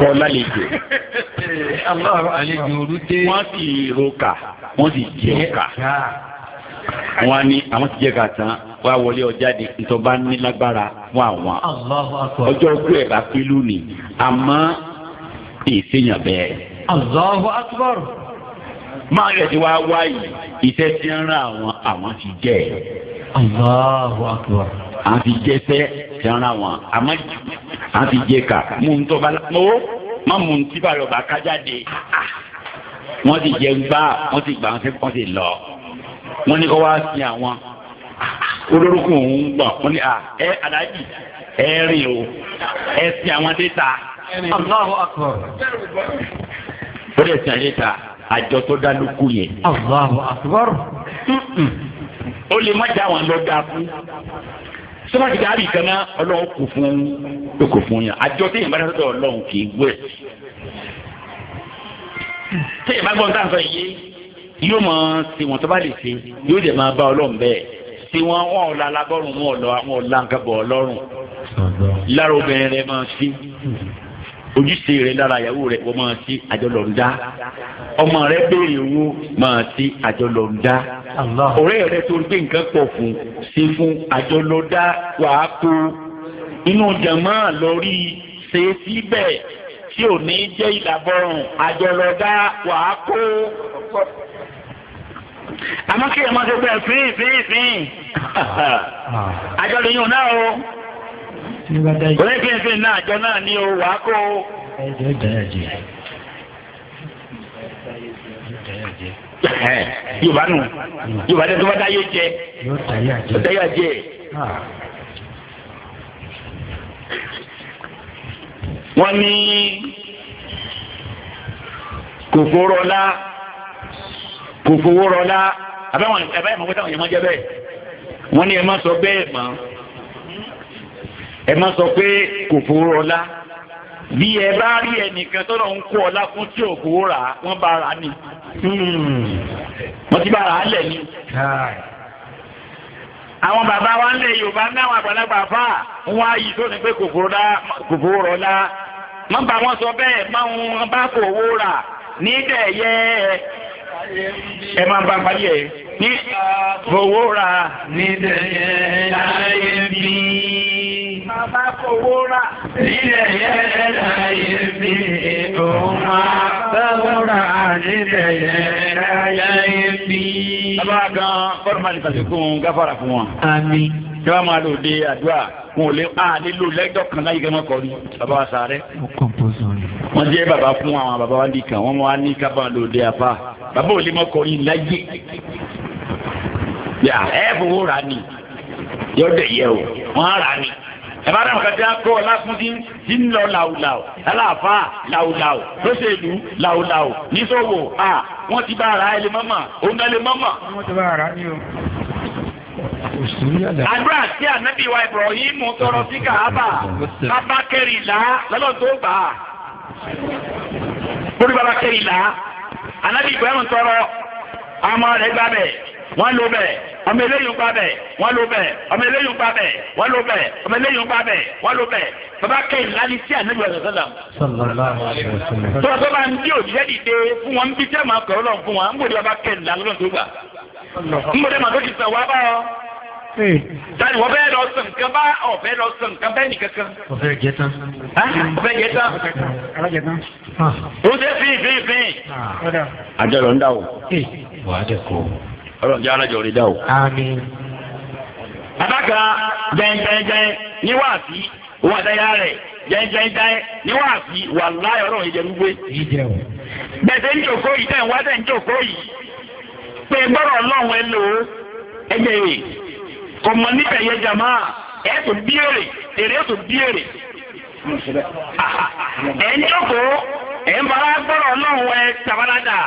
kọ́ lálejò. wọ́n sì ro kà wọ́n sì jẹ́ kà wọ́n á ní àwọn ti jẹ́ kà tán wọ́n á wọlé ọjà di ntọ́ba ní lágbára fún àwọn. ọjọ́ ojú ẹ̀ bá pẹ́lú ni àmọ́ èsèyàn bẹ́ẹ̀ máa yẹ ti wá wá yìí iṣẹ́ tí ń rán àwọn àwọn ti jẹ́ ẹ̀. Allahu akbar. à ń fi jẹ fẹ́ tí ń rán wọn àmọ́ à ń fi jẹ kà mú un tó bá la mọ́ má mú un tí bá lọ bá ká jáde. wọ́n ti jẹ gbá wọ́n ti gbà wọ́n ti wọ́n ti lọ. wọ́n ní kó wá sin àwọn olórúkọ òun gbọ̀ wọ́n ní ẹ aláàjì ẹ rìn o ẹ sin àwọn dé ta. Allahu akbar. ó lè sin dé ta àjọ tó dá lóko yẹn. Allahu Akbar. ó lè má dá àwọn lọ dáa fún sọ́mọ́tì káàbì kan náà ọlọ́run kò fún ó kò fún yàn àjọ tí yẹn bá dáná sọ́dọ̀ ọlọ́run kì í gbọ́ ẹ̀. tí yẹn bá gbọ́ nǹkan sọ yìí yóò máa ṣe wọn tó bá lè ṣe yóò dẹ̀ máa bá ọlọ́run bẹ́ẹ̀ ṣe wọn wọn ò la alábọ́rùn wọn ò nǹkan bọ̀ ọlọ́run lára obìnrin rẹ máa ṣe ojúṣe rẹ lára ìyàwó rẹ wọ́n máa ti àjọlọ̀ ń dá ọmọ rẹ béèrè owó máa ti àjọlọ̀ ń dá ọ̀rẹ́ rẹ tó gbé nǹkan pọ̀ fún sí fún àjọlọ̀ dá wàá kó inú jàmá lọ rí ṣe síbẹ̀ tí ò ní jẹ́ ìlàbọ̀rùn àjọlọ̀ dá wàá kó àmọ́ kí ẹ máa ṣe bẹ́ẹ̀ fín fín fín ah. àjọlọ̀ yìí ò náà o òye kí n fi náà àjọ náà ní o wàá kó o. yorùbá nù yorùbá dẹ́sẹ̀ bá dáyé jẹ dáyé jẹ. Ah. wọ́n ní kòkòrò ọ̀la kòkòrò ọ̀la àbẹ́wọ̀n ẹ̀bá ìmọ̀ pé táwọn èèyàn máa jẹ bẹ́ẹ̀ wọ́n ní ẹ má sọ bẹ́ẹ̀ mọ́ ẹ má sọ pé kò fowó ọlá bí ẹ bá rí ẹnìkan tó lọ ń kó ọlá fún tí ò fowó rà wọ́n bá rà ní hmm. wọ́n ti bá rà á lẹ̀ ní. àwọn bàbá wa ń lẹ Yorùbá ń dáwọn àgbàlagbà fà wọn á yí tó pé kò fowó ọlá wọ́n bá wọn sọ bẹ́ẹ̀ máa ń bá kò owó rà ní dẹ̀yẹ ẹ máa bá parí ní fowó rà ní dẹ̀yẹ láyé bíi máa bá fowó rà. Nílẹ̀ yẹn láyé mi, òun máa fowó rà nílẹ̀ yẹn láyé mi. Bàbá gan fọ́nrán máa ní kàṣíkún gáfàrà fún wọn. Àmín. Ṣé wàá máa lò dé àdúrà? Wọn lè a nílò lẹ́jọ́ kan láyé kẹ́mọ́ kọ́ ni. Bàbá wa sáré. Wọ́n jẹ́ bàbá fún àwọn bàbá wa nìkan, wọ́n máa ní kábàá lò dé àfà. Bàbá ò lè mọ́ kọ́ ni láyé. Ẹ fowó rà ni yọ̀dẹ̀ yẹ o wọ́n á rà ni ẹ̀bára nǹkan tí a kọ́ ọlákúndí tí ń lọ làwùlàwù aláàfà làwùlàwù lóṣèlú làwùlàwù níṣòwò à wọ́n ti bá ara ẹlẹ mọ́mọ́ òun ẹlẹ mọ́mọ́. àdúrà tí ànábì wa Ibrahim tọrọ sí kàábà bàbá kẹrìnlá lọ́dọ̀ tó gbà á. orí bàbá kẹrìnlá ànábì Ibrahim tọrọ àmọ́ rẹ̀ gbà bẹ́ẹ̀ wọ́n lò bẹ́ẹ̀ ọmọ eléyìí ń pa bẹ́ẹ̀ wọ́n lò bẹ́ẹ̀ ọmọ eléyìí ń pa bẹ́ẹ̀ wọ́n lò bẹ́ẹ̀ ọmọ eléyìí ń pa bẹ́ẹ̀ wọ́n lò bẹ́ẹ̀ bàbá kẹ́yìn lálẹ́ sí ànábì ọ̀sán sọ́dà. tọ́lá tó bá ń dí òṣìṣẹ́ dìde fún wọn bí jẹ́ màá kọ̀ọ̀lọ́ fún wọn nbọ̀dé bàbá kẹ́yìn lálẹ́ tó gbà nbọ̀dé màá tó ti sàn wá bá ọ. Tani wọ́n bẹ́ẹ̀ lọ sàn kan bá ọ̀ bẹ́ẹ̀ lọ sàn kan bẹ́ẹ̀ nìkan kan. Ọ̀fẹ́ jẹ tán. Ọ̀fẹ́ jẹ tán. Ọ̀fẹ́ jẹ tán. Ó ṣe fín fín fín. Ah. Àjọ lọ ń dà o. Wàá dẹ̀ kọ́. ọlọ́run jẹ́ alájọ rẹ̀ dá o. àmín. bàbá ní wàásì wà àdáyà rẹ̀ jẹ́ńjẹ́ńjẹ́ ní wàásì wàláyà ọlọ́run ìjẹ́ gbígbé. bẹ̀sẹ̀ ń jòkó yìí tẹ̀ tẹ̀ ń jòkó yìí pé gbọ́dọ̀ ọlọ́run ẹ lò ó ẹgbẹ́ rẹ̀ kò mọ níbẹ̀ yẹ jàmá èrè ẹ̀ ń jòkó ẹ̀ ń gbọ́dọ̀ ẹ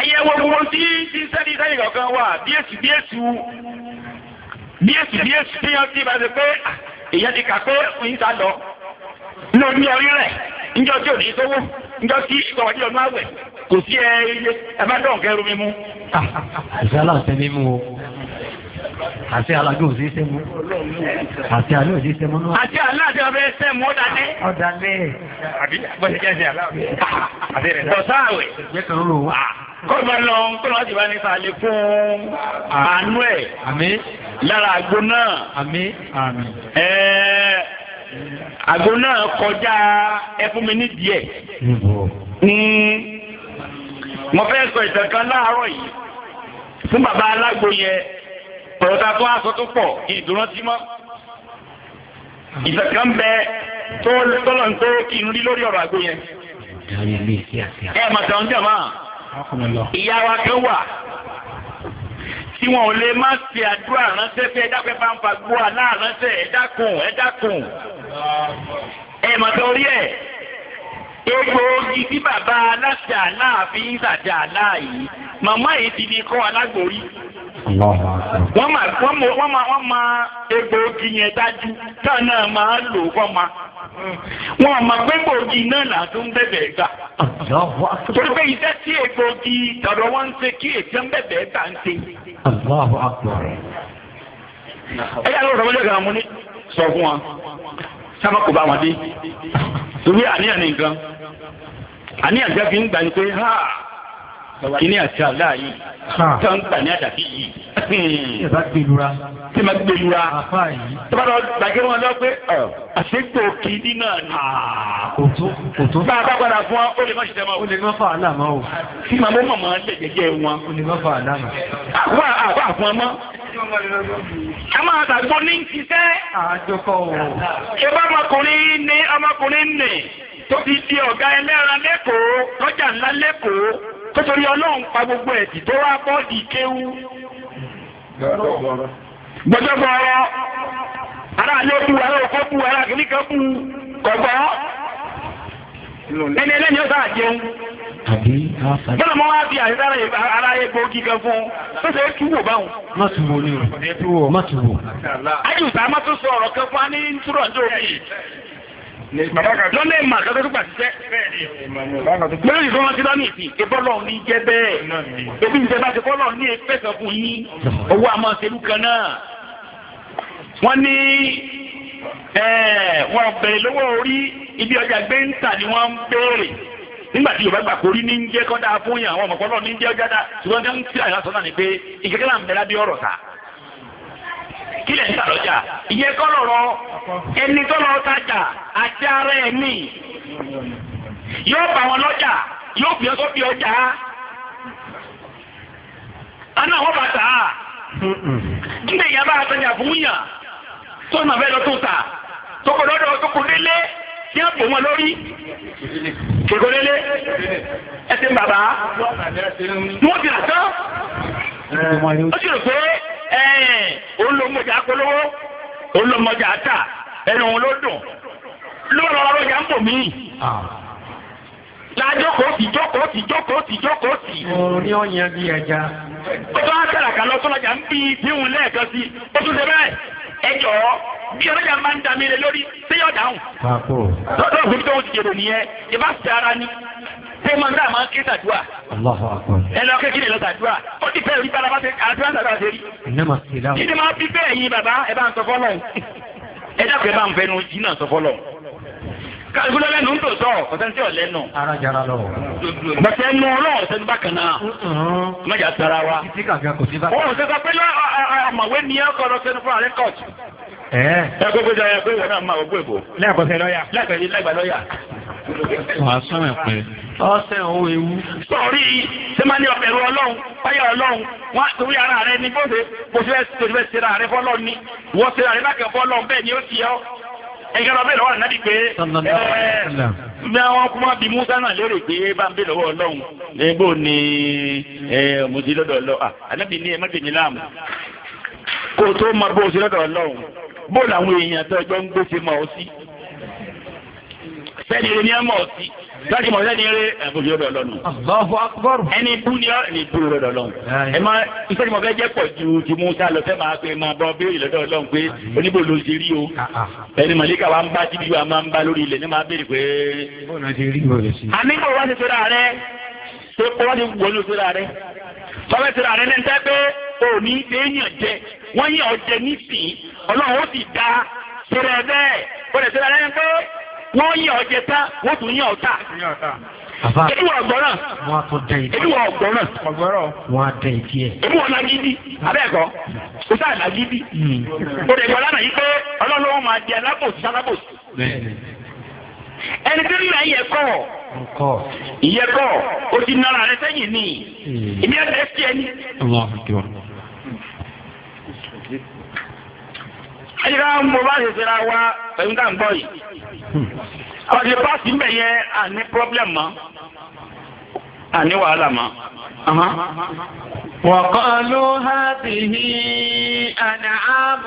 ẹ̀yẹ wo gbogbo tí tí sẹ́ni sẹ́ni kankan wà bíyèsí bíyèsí bíyèsí bíyèsí tí wọ́n ti bá ṣe pé èyàn ah, ti kà pé òyìn ta lọ ní omi ọrí rẹ̀ níjọ́ tí ò sówó níjọ́ tí ìgbọ̀wọ́dí ọdún àwẹ̀ kò sí ẹ ẹ bá dọ̀ nǹkan ẹrú mi àṣà làṣẹ mímú o àti alájọ òsì sẹ́mu àti alẹ́ òsì sẹ́mu náà. àti alẹ́ àti ọbẹ̀ sẹ́mu ọ̀dàlẹ́. ọ̀dàlẹ́. àbí bọ́sẹ̀ jẹ́ ẹ̀sẹ̀ aláwẹ̀. àti rẹ̀ náà. tọ́sán àwẹ̀. ìgbẹ́ kan ló wà. kọ́ńtà lọ kọ́ńtà ti bá ní sàlẹ̀ fún àánú ẹ̀. àmín. lára àgbo náà. àmín. àmín. ẹ̀ẹ́ àgbo náà kọjá ẹfúnmi díẹ̀. mo fẹ́ sọ ìtàn kan láàárọ̀ yìí fún bàbá alágbo yẹn ọ̀rọ̀ ta tó aṣọ tó pọ̀ kí ìdúrántí mọ́ ìtàkàn bẹ tó tọ́lọ̀ ń tó kí n rí lórí ọ̀rọ̀ àgbo yẹn. ẹ mà tàn jẹ́ máa ìyá wa kan wà tí wọn ò lè má ṣe àdúrà ránṣẹ́ pé ẹ̀dá pẹ́ bá ń fa gbó àná ránṣẹ́ ẹ̀dá kùn ẹ̀dá kùn ẹ mà tàn orí ẹ̀ egbòogi tí bàbá aláṣà náà fi ń ṣàjà náà yìí màmá yìí ti di kọ́ alágbòrí. wọ́n ma wọ́n máa wọ́n máa wọ́n máa egbòogi yẹn dájú táà náà máa lò wọ́n ma wọ́n máa gbégbòogi náà là tó iṣẹ́ tí egbòogi tọ̀dọ̀ wọn ń ṣe kí ètò ń bẹ̀bẹ̀ gbà ń ṣe. ẹ kíní àti àlá yìí tó ń gbà ní àdàbí yìí. tí ma gbẹlura tí ma gbẹlura tí ma lọ gbàgbé wọn lọ pé àṣegbò kìíní náà ni. kò tó kò tó. bá a bá padà fún wa ó lè má ṣiṣẹ́ ma o. o lè má fa àlá ma o. tí màmú màmá lè jẹjẹ wọn. o lè má fa àlá ma. àwa àwa àfọn ọmọ. a máa tàbí tó ní ṣiṣẹ́. àjọkọ o. ìbá ọmọkùnrin ní ọmọkùnrin nì tó ti di ọ̀gá ẹlẹ́ran lẹ́kọ̀ọ́ lọ́jà ńlá lẹ́kọ̀ọ́. nítorí ọlọ́run pa gbogbo ẹ̀dì tó wá bọ́ọ̀dì kéwú. gbọ́dọ̀ bọ̀rọ̀ ará ilé bu ara òkú kìíní kan kọ̀gbọ́. ẹni ẹlẹ́ni mọ́ wá ara kan fún un báwọn. má wò o má wò. má lọ́lẹ̀ ìmọ̀ àkàtọ́ tó pàṣẹ. bẹ́ẹ̀ ni tó rántí lọ́nà ìsìn ké bọ́lọ̀ ní jẹ́ bẹ́ẹ̀ ebi ń jẹba ti bọ́lọ̀ ní ẹgbẹ́sàn fún yín owó àmọ́ ṣèlú kan náà. wọ́n ní wọ́n bèrè lọ́wọ́ orí ibi ọjà gbé ń tà ni wọ́n ń béèrè nígbà tí yorùbá gbà kórí ní jẹ́ kọ́dá fún yàn àwọn ọmọ kílẹ̀ ń tàlọ́jà ìyẹn kọ́ lọ́rọ́ ẹni tó lọ tajà àti ara ẹ̀ mí yóò bá wọn lọ́jà yóò bí ọtọ́ bí ọjà aná wọn bá tà á nígbà ìyá bá tajà fún yàn tó nà fẹ́ lọ tó tà tó kọ lọ́dọ̀ tó kọ délé tí wọ́n bò wọn lórí kékeré ẹsẹ̀ bàbá ni wọ́n ti rà tán ó sì rò pé olùmọ̀jà polówó olùmọ̀jà ta ẹnu wọn ló dùn lóòrò ọ̀rọ̀ ìyá ń bò mí lájókòó tì jókòó tì jókòó tì jókòó tì. orí ọ̀yàn bíi ẹja. ó tún á kàràkà lọ sọ́lọ́jà ń bí ìdíhùn lẹ́ẹ̀kan sí i ó tún ṣe bẹ́ẹ̀ ẹ jọ̀ọ́ bí ọlọ́jà máa ń da mi lórí séyọ̀ dáhùn. lọ́dọ̀ òfin tó ń jèrò nìyẹn ìbá ṣe ara ni ṣé máa ń dá máa ń sàdúrà. ẹ lọ kékeré lọ sàdúrà ó ti fẹ́ rí balaba ṣe àdúrà sàdúrà ṣe rí. ìdí máa bí bẹ́ẹ̀ yín bàbá ẹ bá ń sọ fọ́lọ́ ẹ dàpọ̀ ẹ bá ń fẹnu jí náà sọ fọ́lọ́ kálukúlẹ̀ lẹ́nu ń tòótọ́ ọ̀sẹ̀ntì ọ̀lẹ́nu. ara jara lọ. bàtẹ ẹnu ọlọ́run ọ̀sẹ̀ntì bákan náà. mẹjà tara wa. títí kàfíà kò sí bá. ó ẹ kọ́ lọ sẹ́nu fún àrẹ́kọ̀tù ẹ kó gbèsè ọyà pé ìwọ náà máa gbogbo ìbò. lẹ́ẹ̀kọ́sẹ̀ lọ́yà. lẹ́ẹ̀kọ́sẹ̀ lẹ́gbà lọ́yà. wàá sọ̀rọ̀ ẹ̀ pé. ọ̀sẹ̀ òun ewu. sọ̀rí ṣé máa ní ọ̀bẹ̀rù ọlọ́run báyọ̀ ọlọ́run wọ́n torí ara rẹ ní bóde bó ṣe fẹ́ ṣe ara rẹ fọ́lọ́ ni wọ́n ṣe ara rẹ bá kẹ́ fọ́lọ́ bẹ́ẹ̀ ni ó ti yọ ẹgbẹ́ lọ bẹ́ẹ̀ lọ́wọ́ nàbí pé bí àwọn kúmọ́ bí musa náà lérè pé bá ń bẹ lọ́wọ́ ọlọ́run níbo ni mùsùlùmí lọ́dọ̀ ọlọ́run ànábì ní ẹ má gbèmí láàmú kó o tó mọ bó o ṣe lọ́dọ̀ ọlọ́run bó làwọn èèyàn tó ẹjọ́ ń gbèsè mọ̀ ọ́ sí sẹ́ni rẹ̀ ni ẹ̀ mọ̀ ọ́ sí lọ́dí mọ̀ sẹ́ni rẹ̀ àbójú ọ̀dọ̀ lọ́nu. Allahu Akbar. ẹni bú ni ọ́ ni bú ọ̀dọ̀ lọ́nu. ẹ máa iṣẹ́ ni mo fẹ́ jẹ́ pọ̀ ju ti Musa lọ fẹ́ máa pe máa bọ́ béèrè lọ́dọ̀ lọ́nu pé oníbò ló ti rí o. Ah, ah. ẹni màlíkà wa ń bá tíbi wa máa ń bá lórí ilẹ̀ ni máa béèrè pé. àníkò wá ti sọ́ra rẹ̀ tó kọ́ wá ti wọlé sọ́ra rẹ̀ tọ́wẹ́ sọ́ra rẹ̀ lẹ́ńtẹ́ pé òní ọlọ́run ó sì da ṣẹlẹ̀ bẹ́ẹ̀ bọ́dẹ̀ ṣẹlẹ̀ lẹ́yìn pé wọ́n yàn ọ́ jẹ tán wọ́n tún yàn ọ́ tà. Ebi wọ ọgbọràn. Wọ́n á tún dẹ ìdí. Ebi wọ ọgbọràn. Ọgbọràn. Wọ́n á dẹ ìdí ẹ̀. Ebi wọ lagidi. Abẹ́ẹ̀kọ́. O sáà lagidi. O dẹ̀ yọ lánàá yìí pé ọlọ́run máa di alábòsí alábòsí. Ẹni tí ń lọ yẹ kọ́ kọ́. Ìyẹ́kọ́ o ti nara rẹ sẹ́yìn ni. Ìyẹ́kọ́ ẹ ti ẹni. ayíra mo bá ṣe ṣera wa pẹ̀lú tá à ń gbọ́ yìí ọ̀dẹ̀ pàṣẹ ń bẹ̀ yẹn àní problem mọ́ àní wàhálà mọ́. وقالوا هذه أنعام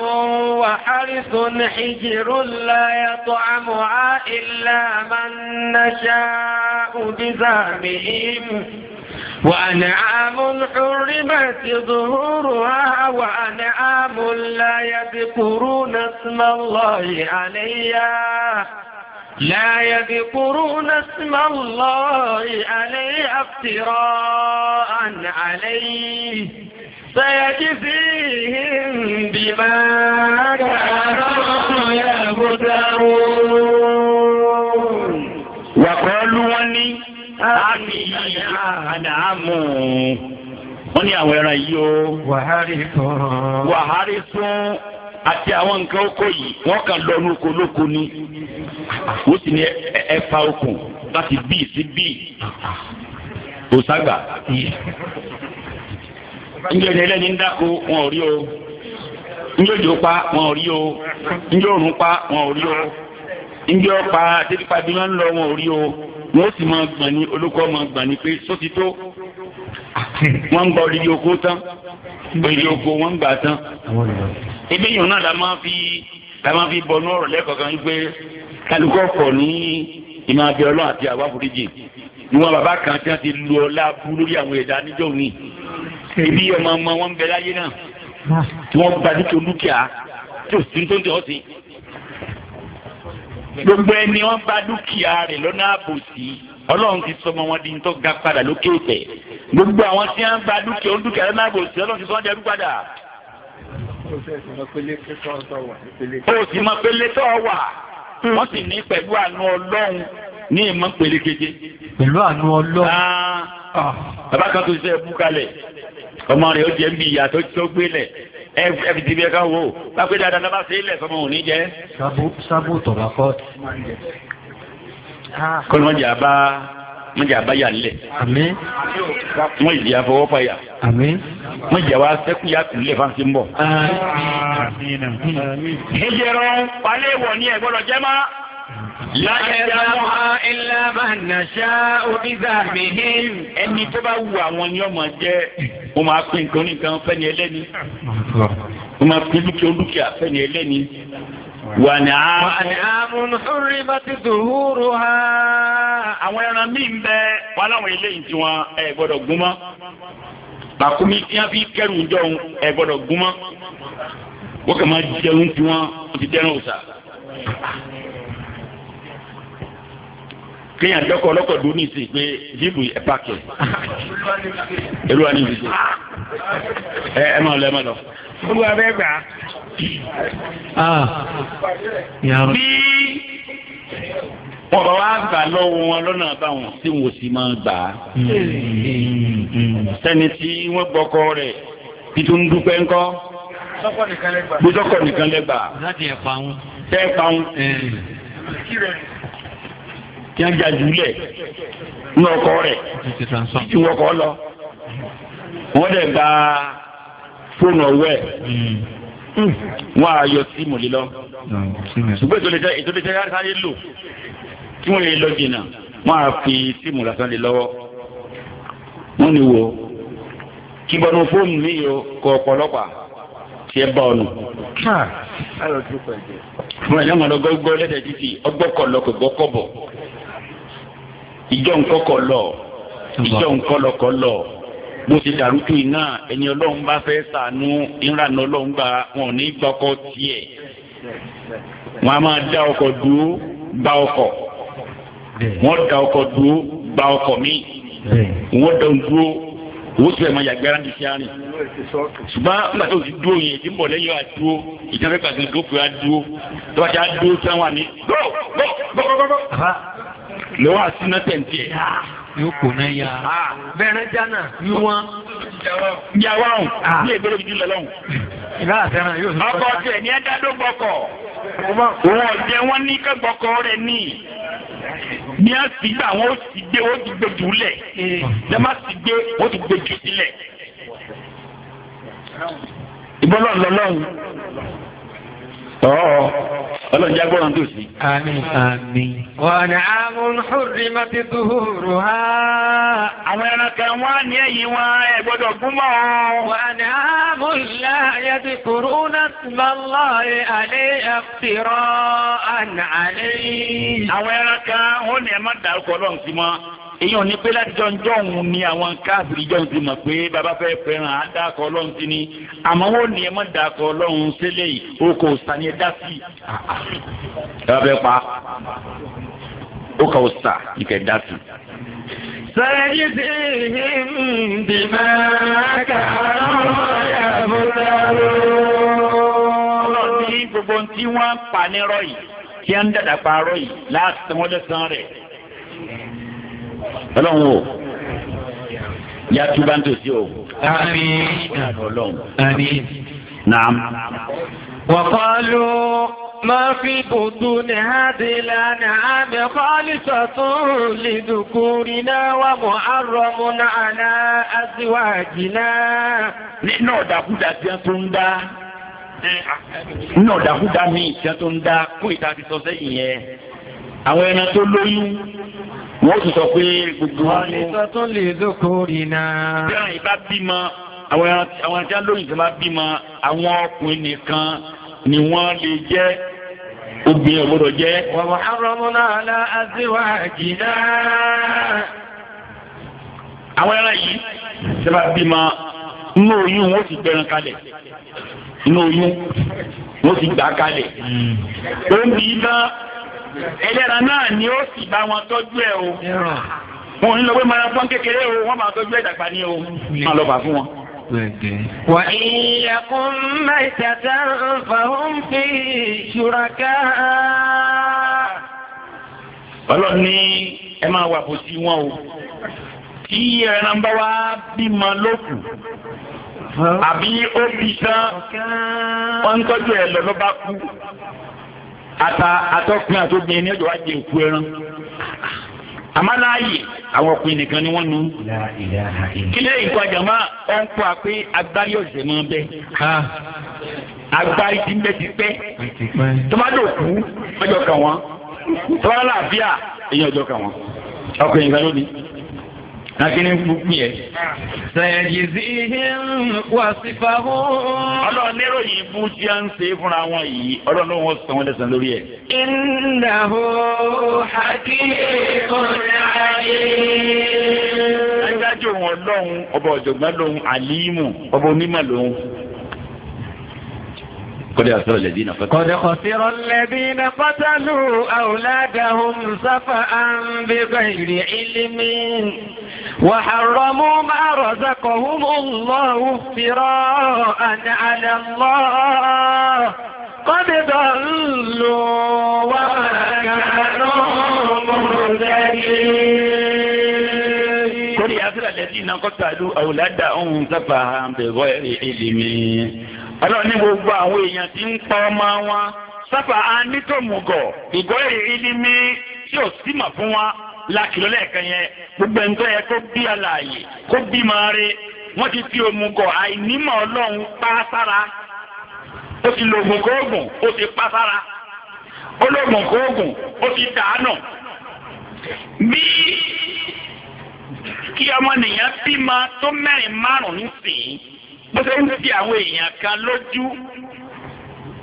وحرث حجر لا يطعمها إلا من نشاء بزعمهم وأنعام حرمت ظهورها وأنعام لا يذكرون اسم الله عليها لا يذكرون اسم الله عليها افتراء عليه سيجزيهم بما كانوا يهدرون àmì àdàmú wọ́n ní àwọn ẹran yìí o. wàhárí sún. wàhárí sún àti àwọn nǹkan oko yìí wọ́n kàn ni wọ́n sì ní ẹ̀fà okùn láti bíi sí bíi òsàgbà. njẹ́ ní ẹlẹ́ni ń dáko wọn ò rí o njẹ́ òjò pa o njẹ́ pa wọn ò o njẹ́ ọ̀pá àti o. wọ́n sì máa gbà ní olùkọ́ máa gbà ní pé sọ́tí tó wọ́n ń gba òrìlì oko tán òrìlì oko wọ́n ń gbà tán. ebi yìí náà la máa fi la máa fi bọ̀ nọ́ọ̀rọ̀ lẹ́kọ̀ọ́kan wípé kálukọ́ kọ̀ ní ìmọ̀ abẹ́ ọlọ́run àti àwọn àforíjì ìwọ̀n bàbá kan tí wọ́n ti lu ọlá bú lórí àwọn ẹ̀dá níjọ́ òní ebi ọmọ ọmọ wọn bẹ láyé náà tí wọ́n gbajú tó dúkìá tí ò gbogbo ẹni wọn bá dúkìá rẹ̀ lọ́nà àbòsí Ọlọ́run ti sọmọ wọn di ntọ ga padà lókè ìtẹ gbogbo àwọn tí wọn bá dúkìá ó dúkìá lọ́nà àbòsí Ọlọ́run ti sọ wọn di ẹrú padà. o sì mọ pélé tó wà wọn sì ní pẹ̀lú àánú Ọlọ́run ní ìmọ̀ pélé keje. pẹ̀lú àánú Ọlọ́run. Ah. bàbá kan tó ṣe é bú kalẹ̀ ọmọ rẹ̀ ó jẹ́ bí ìyá tó gbé lẹ̀ ẹ fi tìbí ẹ ká wo pápẹ́ dáadáa lọ́ba sí ilẹ̀ sọmọ òní jẹ́. sábò tọ̀bà kọ́ọ̀tù. kọ́ni wọ́n jà bá wọ́n jà bá yà lẹ̀. àmín. wọ́n ìdí àfọwọ́ fàyà. àmín. wọ́n jà wá sẹ́kù yà kùlẹ̀ fáńsì ń bọ̀. àmín. ìjẹ̀rọ̀ palẹ̀ wọ̀ ni ẹ̀ gbọ́dọ̀ jẹ́ máa. La yẹ̀dàmọ́ha ilá máa nà ṣá onídàmíhìn. Ẹni tó bá wù àwọn ni ọmọ jẹ́, mo máa pín nǹkan nìkan fẹ́ni ẹlẹ́ni. Mo máa pín dúkìá dúkìá fẹ́ni ẹlẹ́ni. Wà ní àmúnú rí bá ti dùhúrù ha. Àwọn ẹran míì ń bẹ wà láwọn eléyìí tí wọn ẹ gbọ́dọ̀ gún mọ́. Bàkúmi tí wọ́n fi kẹ́rù jọun ẹ gbọ́dọ̀ gún mọ́. Wọ́n kàn máa jẹun tí wọ́n ti dẹ́rùn òòsà kéèyàn dọ́kọ̀ ọlọ́kọ̀ dún ní ìsìn pé jíìpù ẹ̀ pààkì ẹ̀rú wa ní ìsìn ẹ ẹ máa lọ ẹ máa lọ. olúwa bẹ́ẹ̀ gbà. Ah. bí wọn bá wá gbà lọ́wọ́ wọn lọ́nà àbáwọn tí wọn ò sì máa gbà á. sẹ́ni tí wọ́n gbọ́kọ rẹ̀ títún dúpẹ́ ńkọ́ gbọ́dọ̀kọ̀ nìkan lẹ́gbàá. láti ẹ̀ pa wọn. tẹ́ ẹ pa wọn eh kí wọ́n já jùlẹ̀ ní ọkọ rẹ̀ títí wọ́n kọ́ lọ. wọ́n dẹ̀ gba fóònù ọwọ́ ẹ̀ hmm. Hmm. wọ́n á yọ síìmù lílọ. ṣùgbọ́n ètò ìtọ́jú ètò ìtọ́jú sáré lò tí wọ́n lè lọ jìnnà wọ́n á fi síìmù lásán lè lọ́wọ́. wọ́n ní wo kí bọ́nu fóònù mi yọ kọ ọ̀pọ̀lọpàá tiẹ̀ bá ọ̀nù fún ẹ̀yàn ọmọdé gbọ́ lẹ́dẹ̀ẹ́ títì ọgbọ́kọ̀ lọ́kọ̀ gbọ́kọ̀ bọ̀ ìjọ nǹkan kọ lọ ìjọ nǹkan lọkọ lọ bó ti dàrú iná ẹni ọlọ́run bá fẹ́ sànú ìrànà ọlọ́run gba wọn ò ní gbọ́kọ́ tiẹ̀ wọn a máa dá ọkọ̀ dúró gba ọkọ̀ wọn dá ọkọ̀ dúró gba ọkọ̀ míì wọn dá ohun dúró owó tí wọn máa yàgbẹ́rẹ́ ní sáré ṣùgbọ́n nígbà tó ti dúró yẹn ti ń bọ̀ lẹ́yìn wa dúró ìtàn fẹ́ pàṣẹ ìdókòwò wa dúró tó bá ti á dúró tí wọn wà ní lọ́wọ́ àsínà tẹ̀ǹtì ẹ̀. yóò kò náà yá. Ah. bẹ́ẹ̀rẹ̀ jana ni wọ́n. yàwá ọ̀hún ní ìbéèrè ìdílé lọ́hùn. ìlà àtẹ̀ràn yóò sọ. ọkọ tiẹ̀ ní ẹ̀dá ló gbọ́kọ̀. òun ọ̀jẹ̀ wọn ní kẹ́gbọ́kọ̀ rẹ̀ ní. ní a sì gbà wọn ó sì gbé ó ti gbé jù lẹ̀. Eh. ní a má sì gbé ó ti gbé jù sílẹ̀. ìbọn lọ́ọ̀ lọ́ọ̀ tọ́ ọlọ́run jágbọ́ràn tó sí. àmín àmín. wọ́n ní àwọn hurri máa ti dùhùrù ha. àwọn ẹranko wọn á ní ẹ̀yìn wọn ẹ gbọ́dọ̀ gún mọ́. wọ́n ní àwọn ìlà ayẹyẹ kúrú náà ti máa ń lọ ẹ alẹ́ àfihàn àná àlẹ́ yìí. àwọn ẹranko wọn ní ẹ má dárúkọ ọlọ́run sí mọ́ èyí ò ní pé láti jọ ń ni àwọn káàfìrí jọ̀hún ti mọ̀ pé bàbá fẹ́ fẹ́ràn á ọlọ́run ti ní àmọ́ ó ní ẹ mọ́ dákọ̀ ọlọ́run sílẹ̀ yìí o kò sà ní ẹ dá sí i. bàbá fẹ́ pa ó kà ó sà ìkẹ́ dá sí i. سيجزيهم بما كانوا يعملون ọlọ́run ní gbogbo tí wọ́n pa nírọ̀ yìí tí wọ́n dàdà pa arọ́ láti wọ́n lẹ́sàn-án rẹ̀. ọlọ́run o ya tuba n tosi o. àmín àmín. naam. وقالوا ما في بطون na الأنعام خالصة لذكورنا ومحرم على أزواجنا. nínú ọ̀dàkúdà tí wọ́n tún ń dá nínú ọ̀dàkúdà míì tí wọ́n tún ń dá kó ìta ti sọ sẹ́yìn yẹn àwọn ẹran tó lóyún. wọ́n ti sọ pé gbogbo. wọ́n lè sọ tó lè dókòó rí náà. bí àwọn ìbá bímọ àwọn ajá lóyún tó bá bímọ àwọn ọkùnrin nìkan ni wọ́n lè jẹ́ obìnrin ọ̀gbọ́dọ̀ jẹ́. wàhùn arọ́mọ́lá alá àdéhùn àjìnà. àwọn ẹran yìí tó bá bímọ inú oyún wọn ti gbẹran kalẹ̀ inú oyún wọn ti gbà kalẹ̀. Hmm. ó ń bí iná ẹlẹ́ran náà ni ó sì bá wọn tọ́jú ẹ o wọn ní lọ pé marathon kékeré o wọn máa tọ́jú ẹ ni o máa lọ fà fún wọn. Wa iyakun maitata fahum fi shuraka. Ọlọ́run ní ẹ máa wà bòsí wọn o. Tí ẹran bá wá bímọ lókù àbí ó bí tán wọ́n ń tọ́jú ẹ lọ ló bá kú ata atọ́kùnrin àtọ́bìnrin ní ọjọ́ wa jẹ òkú ẹran amáláyè àwọn ọkùnrin nìkan ni wọ́n nu kílẹ̀ ìkọjà máa ọ̀ ń pa pé agbárí ọ̀sẹ̀ máa bẹ́ agbárí ti ń bẹ́ ti pẹ́ tọ́mádò kú ọjọ́ kan wọ́n tọ́mádò àlàáfíà èyí ọjọ́ kan wọ́n ọkùnrin kan lónìí akíní fúnfún yẹn. sẹ̀yìnzìhìn wàsífàhó. ọlọ́run níròyìn ibú tí a ń ṣe fúnra wọn yìí ọlọ́run ló ń sọ wọn lẹ́sàn lórí ẹ̀. ìnáwó hakíkùn ayé. adájọ́ wọn lọ́hùn ọba ọ̀jọ̀gbọ́n lọ́hùn àlímù ọba onímọ̀ lọ́hùn. قد خسر الذين قتلوا قد خسر الذين قتلوا أولادهم سفأا بغير علم وحرموا ما رزقهم الله افتراء على الله قد ضلوا وما كانوا مهتدين alladhina qatalu awladahum safahan bighayri ilmin. ọlọ́run ní gbogbo àwọn èèyàn tí ń pa ọmọ wọn sábà á nítòmùgọ̀ bighayri ilmin tí ò sí mà fún wa lákìlọ́ lẹ́ẹ̀kan yẹn gbogbo ẹni tó yẹ kó bí àlàyé kó bí máa rí wọ́n ti fi òmùgọ̀ àìnímọ̀ ọlọ́run pa sára ó ti lo oògùn kóògùn ó ti pa sára ó lo oògùn kóògùn ó ti dàánù bí kí ọmọnìyàn bímọ tó mẹ́rin márùn-ún nísìnyí bó ṣe ń ti àwọn èèyàn kan lójú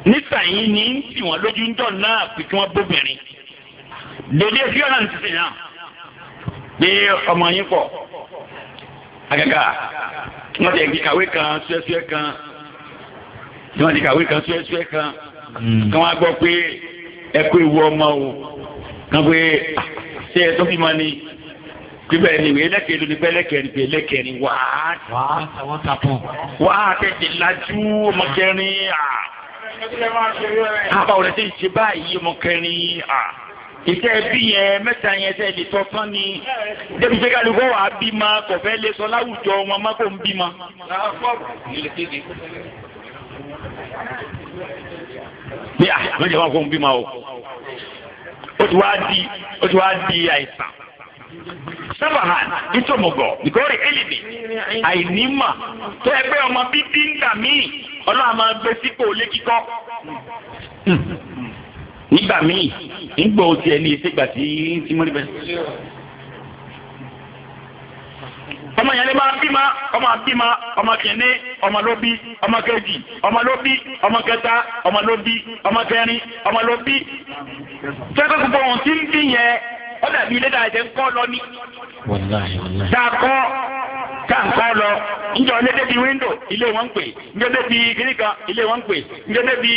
nísàyín ní tí wọ́n lójú ń jọ náà pé kí wọ́n bóbìnrin dèdè fíọ́nà ti sìn náà pé ọmọ yín pọ̀ àgàgà wọ́n ti kàwé kan ṣẹ́ṣẹ́ kan tí wọ́n ti kàwé kan ṣẹ́ṣẹ́ kan hmm. kí wọ́n gbọ́ pé ẹ kó ewu ọmọ o kí wọ́n pé ah, ṣé ẹ tó bímọ ni gbígbẹ́ ni ìwé lẹ́kẹ̀ẹ́dùn ní bẹ́lẹ́kẹ̀ẹ́rin bíi ẹlẹ́kẹ̀ẹ́rin wá. wá tètè lajú ọmọ kẹrin à. àbáwò lẹ́sẹ̀ ìṣe báyìí ọmọ kẹrin à. ìṣe ẹbí yẹn mẹ́ta yẹn ṣe lè sọ tán ni. débi pé kálukọ́ wàá bímọ kò fẹ́ lè sọ láwùjọ wọn má kò ń bímọ. bí a ló jẹ́ wọn kò ń bímọ o. ó ti wá di àìsàn. sábàhán nítòmọ̀gọ̀ ìkórè ẹlẹ́mì àìnímọ̀ tó ẹgbẹ́ ọmọ bíbí ń gbà míì ọlọ́run máa gbé sípò lé kíkọ́. nígbà míì nígbà tí tí ọmọ yẹn lè máa bímọ ọmọ bímọ ọmọ ọmọ ló bí ọmọ ọmọ ló bí ọmọ kẹta ọmọ ló bí ọmọ kẹrin ọmọ ló bí. tẹ́kọ̀ gbogbo ohun tí ń bí yẹn. ó dàbí ilé dáa jẹ́ ń kọ́ lọ ní. tá a kọ́ tá a kọ́ lọ njọ́ ilé débi wíńdò ilé wọn ń pè njọ́ débi kíníkà ilé wọn ń pè njọ́ débi.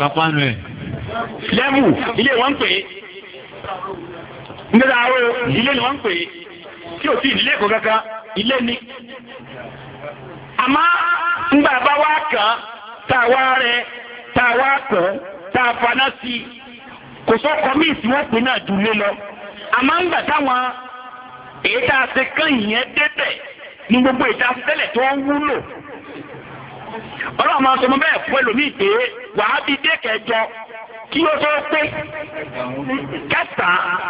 kápánu ẹ̀. lẹ́mù ilé wọn ń pè njọ́ dàá ilé ni wọ́n pè tí o ti ilé ẹ̀kọ́ kankan ilé ni. àmọ́ ngbà bá wá kàn tá a wá rẹ tá a wá kàn tá a fana sí kò sọ kọ́mí ìsìn wọn náà jù lé lọ àmọ́ ń gbà táwọn èyí tá a ṣe kán yẹn débẹ̀ ní gbogbo ìta tẹ́lẹ̀ tó ń wúlò ọlọ́run máa sọ mọ́ bẹ́ẹ̀ fún ẹlòmíì pé wàá bí dé kẹjọ kí ó tó pé kẹta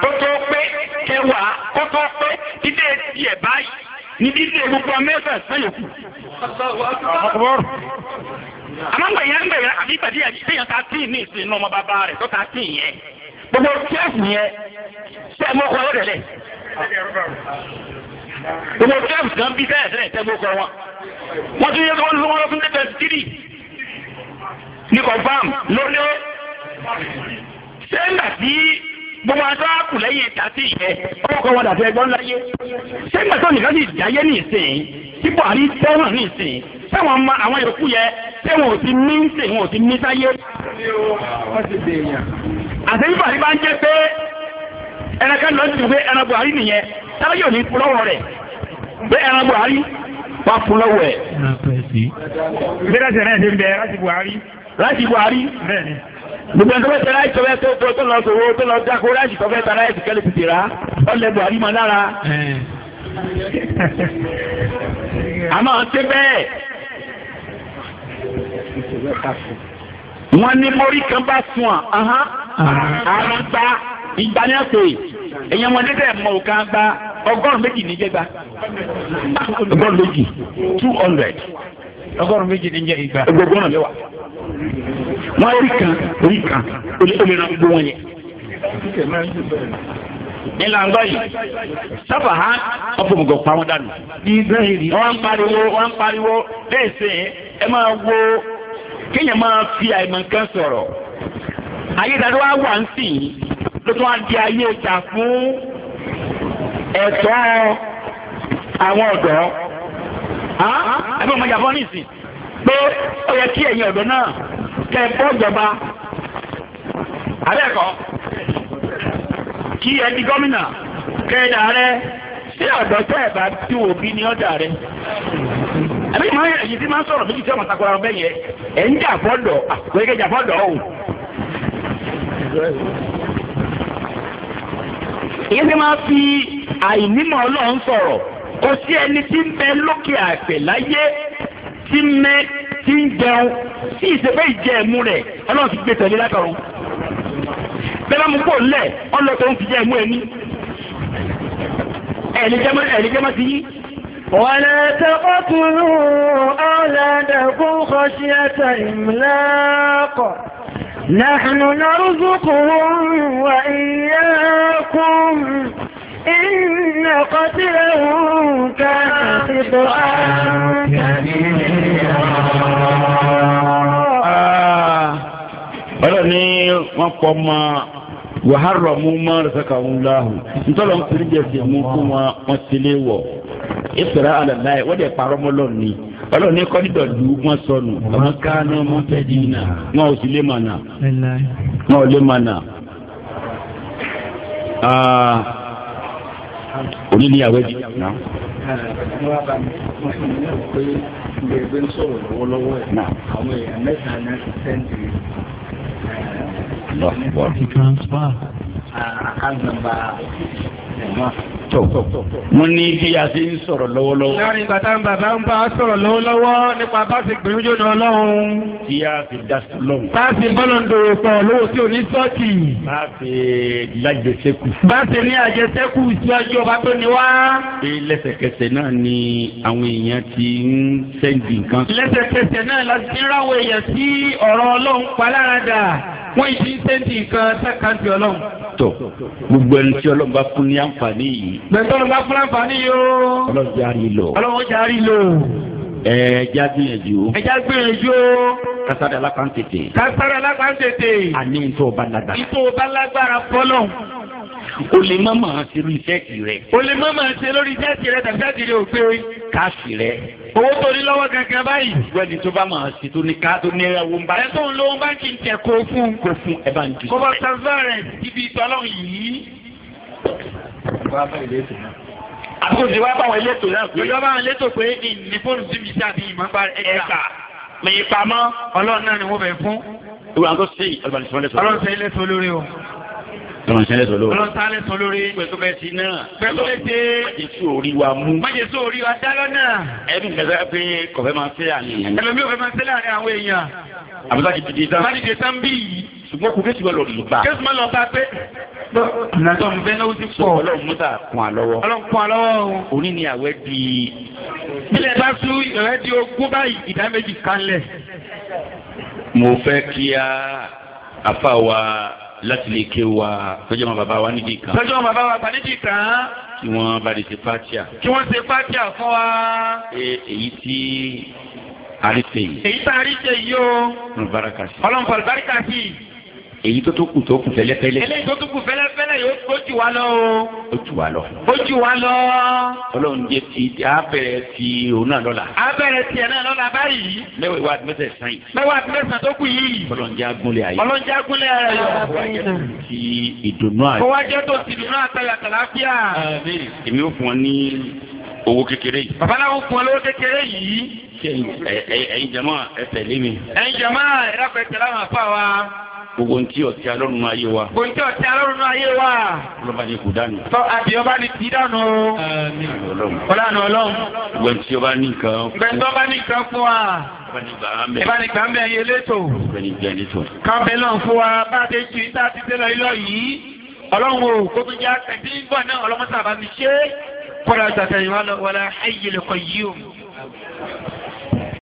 ó tó pé kẹwàá ó tó pé dídé tiẹ̀ báyìí ní dídé gbogbo amẹ́fẹ̀ sẹ́yìn kù. àmọ́ ń gbẹ̀yẹ́ ń gbẹ̀yẹ́ àbí ìpàdé yẹn téèyàn ta tíì ní ìsìn inú ọmọ bàbá rẹ̀ tó ta tíì yẹn gbogbo kéèsì yẹn tẹ́ mọ́ kọ́ ọ́ tẹ̀lé gbogbo kéèsì kan bí sẹ́yìn sẹ́yìn tẹ́ kọ́ wọn wọ́n tún yẹ kí wọ́n lọ́wọ́ lọ́wọ́ fún tẹ́tẹ́ tírì ní confam lónìí ó sẹ́ńdà gbogbo àti àkù lẹ́yìn tàtí yẹ ọkọ̀ wọn dàbí ẹgbọ́n láyé sẹ́ńdà tó nìkan sì dáyé ní tí buhari tẹ́wọ̀n ní ìsìn ma àwọn yòókù yẹ tẹ́wọ̀n ò ti ní ìsìn ò ti ní sáyé àti bí buhari bá ń jẹ́ pé ẹran kan lọ sí ìwé ẹran buhari nìyẹn tábà yóò ní lọ́wọ́ rẹ̀ pé ẹran buhari wà fún lọ́wọ́ ẹ̀. bí láti rẹ̀ ṣe ń bẹ láti buhari. láti buhari. gbogbo ẹni tó fẹ́ tẹ láì tọ́ fẹ́ tó tó lọ sòwò tó lọ dáko láì tọ́ fẹ́ tẹ láì tì kẹ́lẹ́ tètè rà ọ̀lẹ́ buhari mọ́ lára. àmọ́ ṣé bẹ́ẹ̀ wọ́n ní mórí kan bá sùn à ara gba, ìgbà ní ọ̀pẹ̀ èyàn wọn dédé mọ òkà gba ọgọ́rùn méjì ní jẹgba ọgọ́rùn méjì two hundred ọgọ́rùn méjì ọgọ́rùn rí kan rí kan wọn yẹ ìlànà yìí sábà hàn dànù. wọ́n pariwo wọ́n pariwo bẹ́ẹ̀ sẹ́yìn máa wo kéèyàn máa fi àìmọ̀ ayé ìdájọ́ wa wà ló tún di ayé ìjà fún ẹ̀tọ́ àwọn ọ̀dọ́ ẹgbẹ́ ọmọ ìyàbọ̀ nìsín pé ó yẹ kí ẹ̀yin ọ̀dọ́ náà kẹ́ ẹ bọ́ ìjọba kí ẹ di gómìnà kẹ́ ẹ dà rẹ sí ọ̀dọ́ tẹ́ ẹ bá tí wò bí ní ọ̀dà rẹ ìmọ̀ ẹ̀yìn tí máa ń sọ̀rọ̀ méjì tí ọmọ takora ọbẹ̀ yẹn ẹ̀ ń jà fọ́dọ̀ àkókò jà fọ́dọ̀ ọ̀hún. ìyẹn ti máa fi àìnímọ̀ ọlọ́run sọ̀rọ̀ kò sí ẹni tí ń bẹ lókè àpè láyé tí ń mẹ tí ń jẹun tí ìṣẹ̀fẹ́ ìjẹ ẹ̀mú rẹ̀ ọlọ́run ti gbé tẹ̀lé látọ̀run bẹ́ẹ̀ bá mú kó lẹ̀ ọlọ́tọ̀ ń jẹ ẹ̀mú ẹni ẹ̀ẹ́dẹ́gbẹ́mọ́ ti yí. ولا تقتلوا أولادكم خشية إملاق نحن نرزقهم وإياكم إن قتلهم كان خطأ كبيرا ọlọ́ni wọ́n pọ̀ mọ́ wàhálà mú máa rẹ̀ sọ́kà ń láhùn ntọ́lọ́ ń kiri jẹ́ sí mú fún wọn wọ́n ti lé wọ̀ ìfẹ̀rẹ̀ àlàláyé wọ́n dẹ̀ parọ́ mọ́ lọ́ọ̀ni ọlọ́run ní kọ́dídọ̀ ju wọn sọnù wọn káná wọn fẹ́ di iná wọn ò sì lè mà nà wọn ò lè mà nà. òní ni àwẹ̀ di. Nah. Nah. Nah account number ẹ̀gbọ́n. tó mo ní bí a ti ń sọ̀rọ̀ lọ́wọ́lọ́wọ́. láàrin bàtà ń bàbá ń bá a sọ̀rọ̀ lọ́wọ́lọ́wọ́ nípa bá a ti gbèrú jọ̀dọ̀ ọlọ́run. tí a fi da sí lọ́wọ́. bá a ti bọ́lọ̀ ń dòwò pọ̀ lówó tí ò ní sọ́ọ̀tì. bá a fi lájẹsẹ́kù. bá a ti ní àjẹsẹ́kù síwájú ọba tó ní wá. lẹ́sẹ̀kẹsẹ̀ náà ni àwọn èèyàn ti ń sẹ́ǹdì nǹkan. lẹ́sẹ̀kẹsẹ̀ náà la ti ráwọ̀ wọ́n yìí ti ń sẹ́ńtì nǹkan sẹ́kàǹtì ọlọ́run. tó gbogbo ẹni tí ọlọ́run bá fún ní àǹfààní yìí. bẹ̀rẹ̀ tí ọlọ́run bá fún àǹfààní yìí o. ọlọ́run járí lò. ọlọ́run járí lò ẹ̀ẹ́dá gbìyànjú. ẹ̀ẹ́dá gbìyànjú. kasara alakan tètè. kasara alakan tètè. ani ntọ́ balagbara. ntọ́ balagbara fọlọ́ o lè má máa ṣe lórí sẹ́ẹ̀kì rẹ. o lè má máa ṣe lórí sẹ́ẹ̀kì rẹ tàbí sẹ́ẹ̀kì rẹ ò pé. káàsì rẹ. owó tó ní lọ́wọ́ gangan báyìí. ìwádìí tó bá máa ṣe tó ní ká tó ní ẹ̀rọ wọn bá. ẹ tó ń lo wọn bá kì í tẹ kó fún. kó fún ẹ bá ń dùn. kó bá transfer rẹ ibi ìtọ́lọ́ yìí àbúkò ti wá báwọn elétò náà pé. yọjọ́ báwọn elétò pé ní fóònù sí mi sí àbí ìmọ̀ bá ẹ̀ka mi pamọ́ ọlọ́run náà ni wọ́n bẹ̀ fún. ìwà ń tó sí ọlọ́run sí ilé tó lórí o ọlọ́run sálẹ̀ sọ lórí. ọlọ́run sálẹ̀ sọ lórí pẹ̀tùpẹ̀tì náà. pẹ̀tùpẹ̀tì. májèsú orí wa mú. májèsú orí wa dá lọ́nà. ẹbí mi fẹ́ pé kọ̀fẹ́ máa fẹ́ àníyàn. ẹlòmíì kọ̀fẹ́ máa fẹ́ láàrin àwọn èèyàn. àbúrò ti dìde tán. májèsè tán bí ṣùgbọ́n kò kéṣù lọ lù bá. kéṣù máa lọ bá pé. nàtọ́ mi fẹ́ náwó ti pọ̀. ọlọ́run mú di. ilẹ̀ bá sú ìrẹ́ di ogún báyìí ìdá méjì láti lè ké wa tọ́jú àwọn bàbá wa nídìí kan. tọ́jú àwọn bàbá wa pa nídìí kan. kí wọ́n bá lè ṣe fàtíà. kí wọ́n ṣe fàtíà fún wa. èyí tí a rí ṣe yìí. èyí tá a rí ṣe yìí o. ọlọ́run sí. ọlọ́run baraka sí èyí tó tó kù tó kù fẹ́lẹ́fẹ́lẹ́. eléyìí tó tó kù fẹ́lẹ́fẹ́lẹ́ yóò tó jù wá lọ o. ó jù wá lọ. ó jù wá lọ. ọlọ́run jẹ ti a bẹ̀rẹ̀ ti òun náà lọ́la. a bẹ̀rẹ̀ tiẹ̀ náà lọ́la báyìí. mẹ́wàá ìwà àti mẹ́sẹ̀ sàn yìí. mẹ́wàá àti mẹ́sẹ̀ tó kù yìí. ọlọ́run jẹ́ agúnlẹ̀ ayọ̀. ọlọ́run jẹ́ agúnlẹ̀ ayọ̀. kó wá jẹ́ ti ìdùnnú ayọ̀. kó wá jẹ́ tó ti ìdùnnú àtàlà àtàlàfíà. èmi ò fún ọ ní owó kékeré yìí. babaláwo fún ọ lówó kékeré yìí. ẹ̀yin jama ẹ tẹ̀lé mi. ẹ̀yin jama ẹ gbogbo ntí ọtí alọ́run ayé wa. gbogbo ntí ọtí alọ́run ayé wa. ọlọ́ba ni kò dànù. tọ́ àbí ọba ni ti dànù. ọlọ́run ọlọ́run. gbogbo ntí ọba ní nǹkan. gbẹ̀ntọ́ ọba ní nǹkan fún wa. ìbánigbà ń bẹ̀ yẹn létò. ìbánigbà ń létò. kábẹ́ náà fún wa bá a ti ju ìta àti tẹ́lẹ̀ ilọ̀ yìí. ọlọ́run o kó tó jẹ́ àtẹ̀bí bọ̀ náà ọlọ́mọ